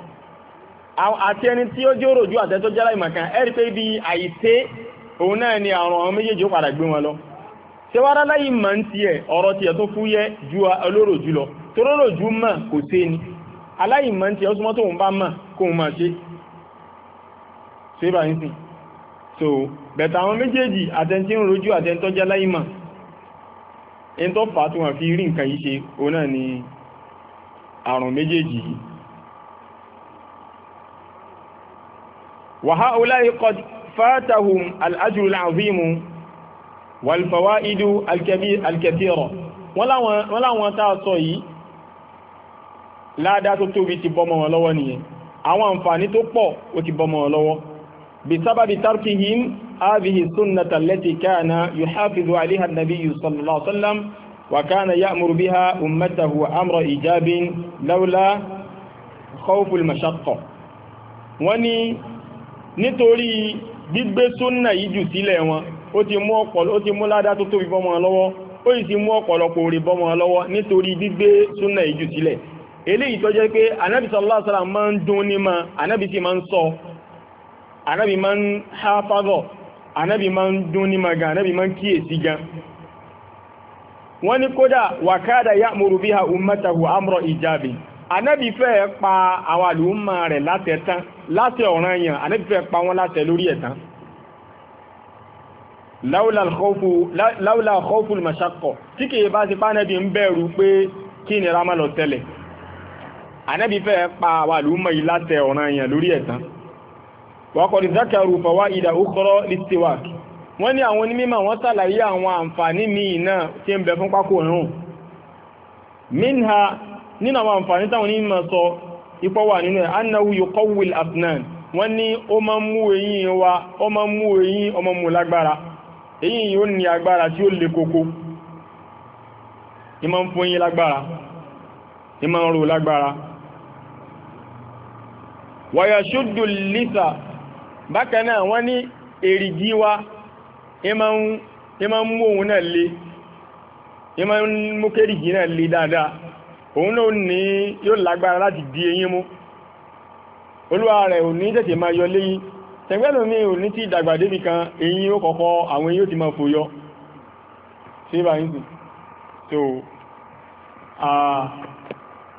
àti ẹni tí ó jẹ́ òròjú àtẹ́tọ́ jẹ́lá ìmọ̀kan ẹ̀rí pé ibi àìsé òun náà ni àrùn àwọn méjèèjì ó padà gbé wọn lọ ṣe wá rárá yìí mọ̀ ń tiẹ̀ ọ̀rọ̀ tiẹ̀ tó fúyẹ́ ju olóròjú lọ tó róròjú mọ̀ kò sé ni aláìmọ̀ ń tiẹ̀ ó súnmọ́ tóun bá mọ̀ kóun máa ṣe ṣe bá ń sìn so bẹ̀tà àwọn méjèèjì àtẹ́ntí ń rojú àtẹ́ntọ́ jẹ́lá ìmọ̀ ẹni tó fà á tí wọ́n fi rí nǹkan yìí ṣe òun náà ni àrùn méjèèjì yìí وهؤلاء قد فاتهم الأجر العظيم والفوائد الكثيرة wọ́n láwọn táa sọ yìí láàdá tó tóbi ti bọ́mọ̀ wọn lọ́wọ́ nìyẹn àwọn àǹfààní tó pọ̀ ó ti bọ́mọ̀ wọn lọ́wọ́ bí sábàbí tarkihim áàbìhì súnnàtà lẹ́tì káàna yóò háfìzù aléhà nàbí sallallahu alaihi nítorí gbígbé súnnà yìí jù sílẹ̀ wọn ó ti mú ọ̀pọ̀lọ́ ó ti mú ládá tó tóbi bọ́mọ lọ́wọ́ ó sì ti mú ọ̀pọ̀lọpọ̀ orí lọ́wọ́ nítorí gbígbé súnnà yìí jù sílẹ̀ eléyìí tó jẹ́ pé anábì sallallahu máa ń dún ma n bi ma ijabi anábì fẹ́ pa àwọn àlùmọ́ rẹ̀ látẹ̀ tán látẹ̀ ọ̀ràn yàn anábì fẹ́ pa wọ́n látẹ̀ lórí ẹ̀ tán láúlà àkọ́fù màṣàkọ̀ tí kìí bá ti pánẹ́bí ń bẹ̀rù pé kí ni ra má lọ tẹ́lẹ̀ anábì fẹ́ pa àwọn àlùmọ́ yìí látẹ̀ ọ̀ràn yàn lórí ẹ̀ tán wọ́kọ̀ ní zakaru fọwá ìdà òkúrọ́ listiwak wọ́n ní àwọn onímọ̀ wọ́n sàlàyé àwọn àǹfààní míì náà tí ń bẹ fún pákó rùn minha nínú àwọn àǹfààní táwọn ní ma sọ ipọ́ wà nínú ẹ̀ annahu yuqawwil abnan wọ́n ní ó ma mú eyín wa ó ma mú eyín ọmọ mú lágbára eyín yóò ní agbára tí ó le koko ìmọ̀ ń fún yín lágbára ìmọ̀ ń rò lágbára wa yashuddu lisa bákan náà wọ́n ní èrìgì wa ìmọ̀ ń mú òun náà le ìmọ̀ ń mú kérìgì náà le dáadáa òun náà ní yóò lágbára láti di eyín mú olúwa rẹ̀ ò ní tètè máa yọ léyìn tẹgbẹ́lò mi ò ní tí ìdàgbà débì kan eyín ó kọ́kọ́ àwọn eyín ó ti máa fòyọ ṣe bá ń sìn so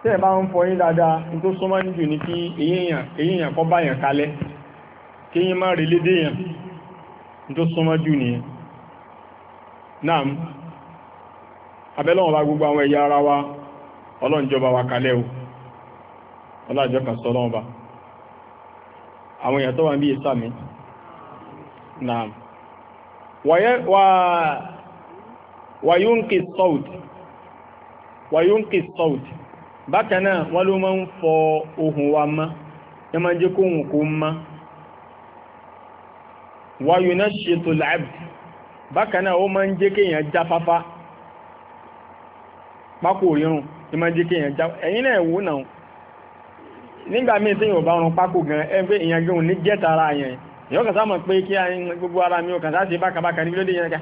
tẹ́ bá dáadáa ní tó súnmọ́ níjù ní kí eyín kọ́ báyàn kalẹ̀ kí eyín má relé déyàn ní tó súnmọ́ jù bá gbogbo àwọn ẹ̀yà ara wa ọlọ́njọba wa kalẹ̀ o ọlájọ́ kan sọ lọ́wọ́ bá àwọn èèyàn tó wà ń bí ìsàmì náà wàyúnkì sọ́ọ̀t wàyúnkì sọ́ọ̀t bákanáà wọ́n ló máa ń fọ ohun wa má ẹ máa jẹ́ kó hùn kó má wàyúnà ṣètò láàbì bákanáà ó máa ń jẹ́ kéèyàn jáfáfá pákó òyìnrùn ìmọ̀ jẹ́ kí èèyàn já ẹ̀yìn náà wò náà nígbà míì tí yóò bá rún pákó gan ẹgbẹ́ èèyàn gẹ́hùn ní jẹ́ta ara yẹn èèyàn kàn sáàmọ̀ pé kí gbogbo ara mi ò kàn sáà sí bákabáka níbi lóde yẹn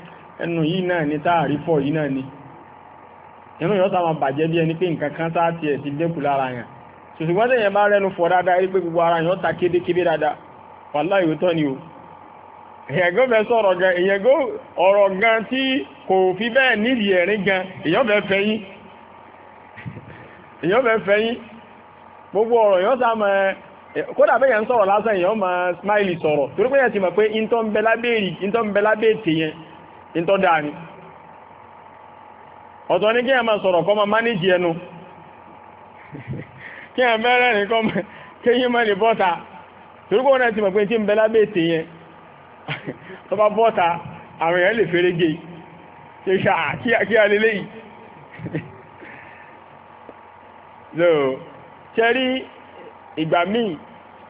ẹnu yìí náà ni táàrí fọ yìí náà ni inú yóò sáàmọ̀ bàjẹ́ bí ẹni pé nǹkan kan sáà tiẹ̀ ti dẹ́kù lára yẹn ṣùṣùgbọ́n tẹ̀yìn bá rẹnu fọ dáadáa rí pé gbogbo ara yẹn ta kédékébé dáadáa wàláhì ni o èèyàn gó fẹ́ sọ̀rọ̀ gan èèyàn gó ọ̀rọ̀ gan tí èyàn bẹ fẹ́ yín gbogbo ọ̀rọ̀ èyàn sá mọ́ eh, kódà bẹ́ẹ̀ yẹn ń sọ̀rọ̀ lásán èyàn mọ́ smiley sọ̀rọ̀ torí pé yẹn ti mọ̀ pé ìntọ́ ń bẹ lábẹ́ èrì ìntọ́ ń bẹ lábẹ́ ètè yẹn ìntọ́ dáa ni ọ̀tọ̀ ní kí yẹn máa sọ̀rọ̀ kọ́ máa mánéjì ẹnu kí yẹn bẹ́rẹ̀ nìkan kí yín mọ́ ní bọ́ta torí pé wọ́n ti mọ̀ pé tí ń bẹ lábẹ́ ètè yẹn tó bá bọ́ta àwọn èèyàn lè fẹ́rẹ́ gé kí a lè léyìí lóò kẹrí ìgbà míì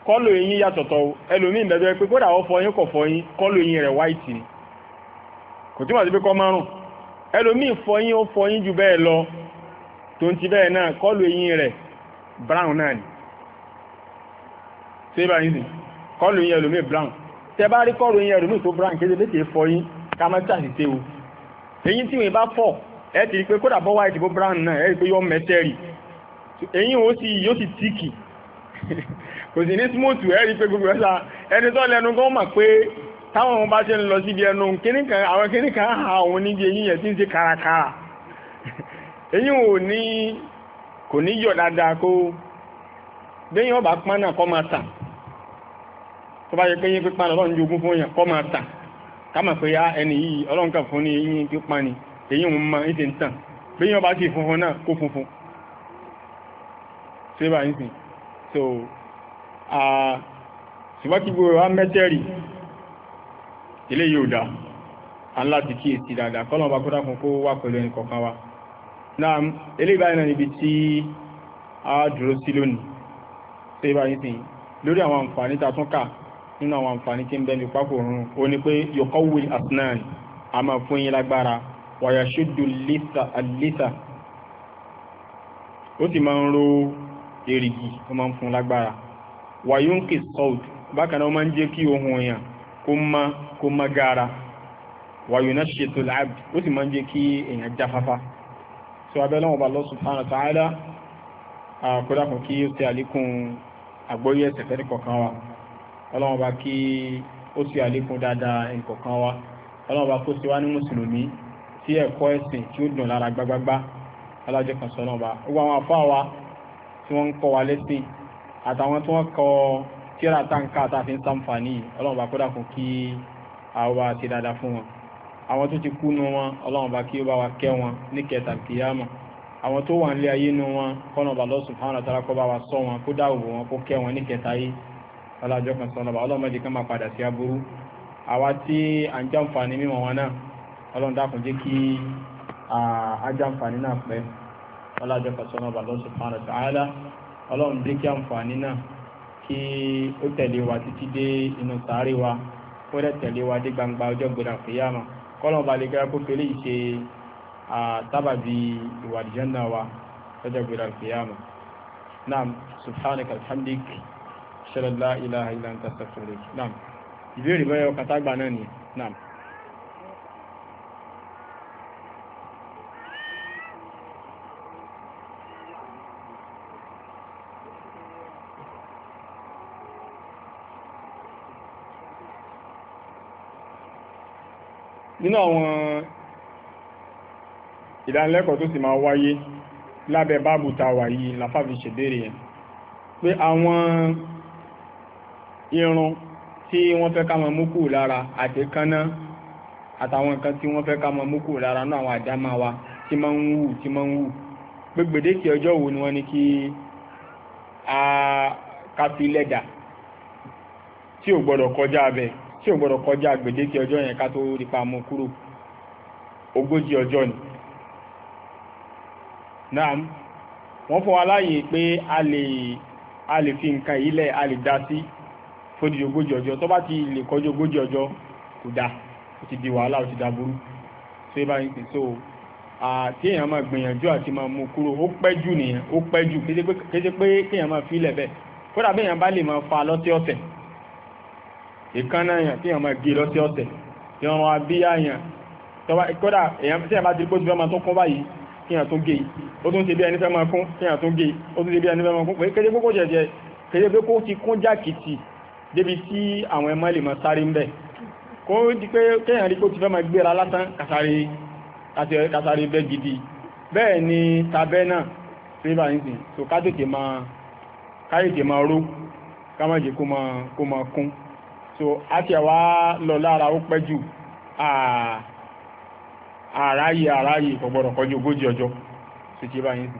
kọ́lù eyín yàtọ̀tọ̀ ẹlòmíì bẹ̀rẹ̀ pé kódà ó fọyín rẹ fọyín kọ́lù eyín rẹ̀ wáìtì ni kò kọ́ márùn ju bẹ́ẹ̀ lọ tó ń ti bẹ́ẹ̀ náà eyín rẹ̀ brown náà ni ṣé báyìí sì kọ́lù eyín brown tẹ bá rí kọ́lù eyín tó brown kéde létè fọyín ká má tà sí tewu eyín tí wọn bá fọ ẹ ti rí pé eyín òun sì yóò sì tíìkì kò sì ní smooth ẹ rí i pé gbogbo ẹ sá ẹni tó lẹ́nu gan mọ̀ pé táwọn ọmọ bá ṣe ń lọ síbi ẹnu kíníkan àwọn kíníkan ha òun níbi eyín yẹn tí ń ṣe kárakára eyín ò ní kò ní yọ̀ dáadáa kó bẹ́yìn ọba pánà kọ́ máa tà tó bá yẹ pé yín pípa lọ́rùn jogún fún yàn kọ́ máa tà kámà pé á ah, ẹni yìí ọlọ́run kà fún ní eyín pípa ni eyín òun máa ń tí ó bá ń sìn so ṣùgbọ́n kí gbogbo wa mẹ́tẹ́rì ilé yóò dá aláti kí èsì dáadáa kọ́nà ọba kọ́dá fún kó wà pẹ̀lú ẹni kọ̀ọ̀kan wa náà ilé ìbáyìí náà níbi tí a dúró sí lónìí tí ó bá ń sìn lórí àwọn àǹfààní ta tún kà nínú àwọn àǹfààní tí ń bẹ pápò òrùn ó ní pé yọkọ́wé asnan a máa fún yín lágbára wàyà ṣúdù lísà ó sì máa ń ro erigi ó máa ń fún lágbára wayonki salt bákan náà ó máa ń jẹ́ kí ohun èèyàn kó má kó má gara wayona ṣètò láàbì ó sì máa ń jẹ́ kí èèyàn jáfáfá tí wàá bẹ́ẹ̀ lọ́wọ́ bá Allah subhanahu wa ta'ala àkọ́dà kan kí ó ti àlékún àgbọ́yé ẹ̀sẹ̀ fẹ́ nìkọ̀ọ̀kan wa ọlọ́wọ́n bá kí ó ti àlékún dáadáa nìkọ̀ọ̀kan wa ọlọ́wọ́n bá kó sí wá ní mùsùlùmí tí ẹ̀kọ́ ẹ̀sìn tí ó dùn lára gbágbágbá alájọ kan sọ náà bá ó wà àwọn àfáà wa tí wọ́n ń kọ́ wa lẹ́sìn àtàwọn tí wọ́n kọ tíra táǹkà àtàfin sàǹfààní ọlọ́run bá kódà kún kí àwa ti dáadáa fún wọn àwọn tó ti kú nu wọn ọlọ́run bá kí ó bá wa kẹ́ wọn ní kẹta kìyàmà àwọn tó wà nílé ayé nu wọn kọ́nà bá lọ́sùn fáwọn àtàrà náà ọlọ́run dákun ọlájọ́ pàṣọ́nà Allah subhanahu wa ta'ala ọlọ́run dé kí àǹfààní náà kí ó tẹ̀lé wa títí dé inú sàárè wa ó dẹ̀ tẹ̀lé wa dé gbangba ọjọ́ gbọdọ̀ àfẹ́yàmà kọ́lọ́n balẹ̀ gẹ́gẹ́ kó fẹ́lẹ́ ìṣe àtàbàbí ìwà àlùjánnà wa ọjọ́ gbọdọ̀ àfẹ́yàmà naam subhanaka alhamdulillah ṣẹlẹ̀ la ilaha illa anta astaghfiruka naam ìbéèrè bẹ́ẹ̀ ọkàn náà nìyẹn naam. nínú àwọn ìdánilẹ́kọ̀ọ́ tó sì máa wáyé lábẹ́ báàbù ta wà yìí láfàfi ṣèbéèrè yẹn pé àwọn irun tí wọ́n fẹ́ ká máa mú kù lára àti kánná àtàwọn nǹkan tí wọ́n fẹ́ ká máa mú kù lára náà àwọn àdámá wa tí máa ń wù tí máa ń wù pé gbèdéke ọjọ́ wo ni wọ́n ní kí a ká fi lẹ́dà tí ò gbọ́dọ̀ kọjá bẹ́ẹ̀ tí ò gbọ́dọ̀ kọjá gbèdéke ọjọ́ yẹn ká tó rípa mú kúrò ogójì ọjọ́ ni náà wọ́n fún wa láàyè pé a lè fi nǹkan ilẹ̀ a lè dá sí fódì ogójì ọjọ́ tó bá ti lè kọjú ogójì ọjọ́ kò dá ó ti di wàhálà ó ti dá burú tó yẹ bá ń pè so àti èèyàn máa gbìyànjú àti máa mú kúrò ó pẹ́ jù nìyẹn ó pẹ́ jù kété pé kéèyàn máa fi ilẹ̀ bẹ́ẹ̀ kódà bí bá lè máa fa lọ́tẹ́ ọ̀tẹ̀ ìkánná yàn kí yàn máa gé lọ sí ọ̀tẹ̀ ìrùn àbíyá yàn kódà èyàn tí yàn bá ti gbójú fẹ́ máa tó kún báyìí kí yàn tó gé e. ó tún ti bí ẹni fẹ́ máa kún kí yàn tó gé e. ó tún ti bí ẹni fẹ́ máa kún pé kéde kókó jẹjẹ kéde pé kó ti kún jákìtì débi tí àwọn ẹmọ lè máa sáré ń bẹ̀ kó di pé kéyàn rí kó ti fẹ́ máa gbéra lásán kàtàrí bẹ́ gidi bẹ́ẹ̀ ni tabẹ́ náà tí bá ń sìn so ká máa ró ká kó máa kún so àti àwa lọ lára ó pẹ́ jù àráyè àráyè kò gbọ́dọ̀ kọjú ogójì ọjọ́ sí ti báyìí sí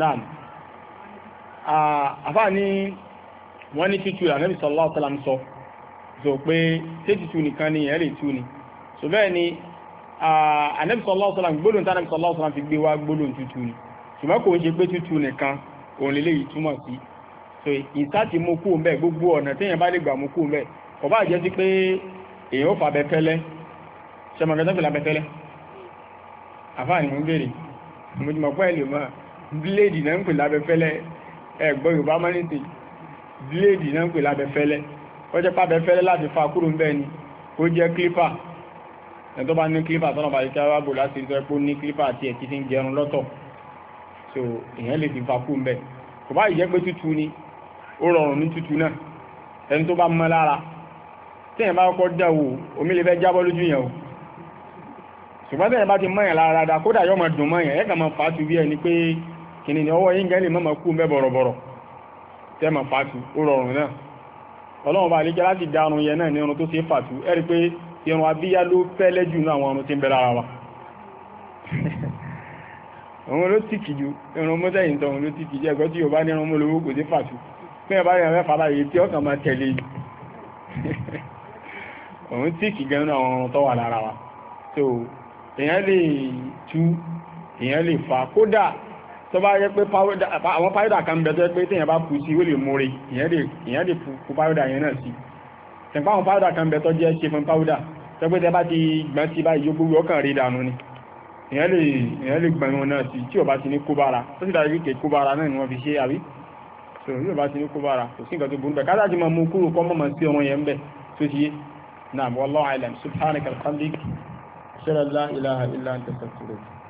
náà àfáà ní wọ́n ní títú ànábì sallallahu alaihi wasallam sọ so pé tí títú nìkan ni ẹ̀rẹ̀ tú ni so bẹ́ẹ̀ ni ànábì sallallahu alaihi wasallam gbólóhùn tí ànábì sallallahu alaihi fi gbé wá gbólóhùn tútù ni ṣùgbọ́n kò ń ṣe pé tútù nìkan òun lè léyìí túmọ̀ sí so ìsáàtì mú kú ń gbogbo ọ̀nà téèyàn bá lè gbà mú kú ń kò bá jẹ́ sí pé èyàn ó fà bẹ́fẹ́lẹ́ ṣẹmọ̀kẹ́tọ́ fìlà bẹ́fẹ́lẹ́ àfáàní mú bèèrè mojúmọ̀ pẹ́ lè máa bíléèdì náà ń pè lábẹ́fẹ́lẹ́ ẹgbọ́ yorùbá máa ní ti bíléèdì náà ń pè lábẹ́fẹ́lẹ́ ó jẹ́ pàbẹ́fẹ́lẹ́ láti fa kúrò ń bẹ́ẹ̀ ni ó jẹ́ klípà ẹ̀ tó bá ní klípà tọ́nà bá ìkẹ́ wá bò láti ìtọ́ ẹ̀pọ̀ ní klípà àti ẹ̀kí ti ń jẹun lọ́tọ̀ so èèyàn lè ti fa kúrò ń bẹ́ẹ̀ kò bá ìjẹ́ pé tútù ni ó rọrùn ní tútù náà ẹni tó bá mọ́ lára tẹ́yìn bá kọ́kọ́ dáwò omi lè fẹ́ jábọ́ lójú yẹn o ṣùgbọ́n tẹ́yìn bá ti mọ́yàn lára dáa kódà yọ́ mọ̀ dùn mọ́yàn ẹ̀kà mọ̀ fàátù bí ẹni pé kìnnì ni ọwọ́ yín gẹ́lẹ̀ mọ́mọ́ kú mẹ́ bọ̀rọ̀bọ̀rọ̀ tẹ́mọ̀ fàátù ó rọrùn náà ọlọ́run bá lè jẹ́ láti dá ọrùn yẹn náà ní ọrùn tó ṣe fàátù ẹ rí pé irun abíyá ló fẹ́lẹ́ jù náà àwọn ọrùn tí ń bẹ lára wa òun ló tìkì ju irun máa tẹ̀lé òun tí kì gan náà ọrùn tó wà lára wa so èèyàn lè tú èèyàn lè fa kódà tó bá yẹ pé àwọn páyọ̀dà kan bẹ tó yẹ pé téèyàn bá kú sí ó lè múre èèyàn lè kú páyọ̀dà yẹn náà sí tẹ̀pá àwọn páyọ̀dà kan bẹ tó jẹ́ ṣe fún páyọ̀dà tó pé tẹ́ bá ti gbọ́n sí báyìí yóò gbogbo ọkàn rí dànù ni èèyàn lè gbọ́n wọn náà sí tí ò bá ti ní kó bára tó sì dájú pé kó bára náà ni wọ́n fi ṣe àbí so yóò bá ti ní kó bára kò sí nǹkan tó burú bẹ̀ kájà ti máa mú kúrò kọ́ mọ̀mọ́ sí ọmọ yẹn ń bẹ̀ tó ti yé نعم والله أعلم سبحانك الحمد أشهد لا إله إلا أنت تستغفرك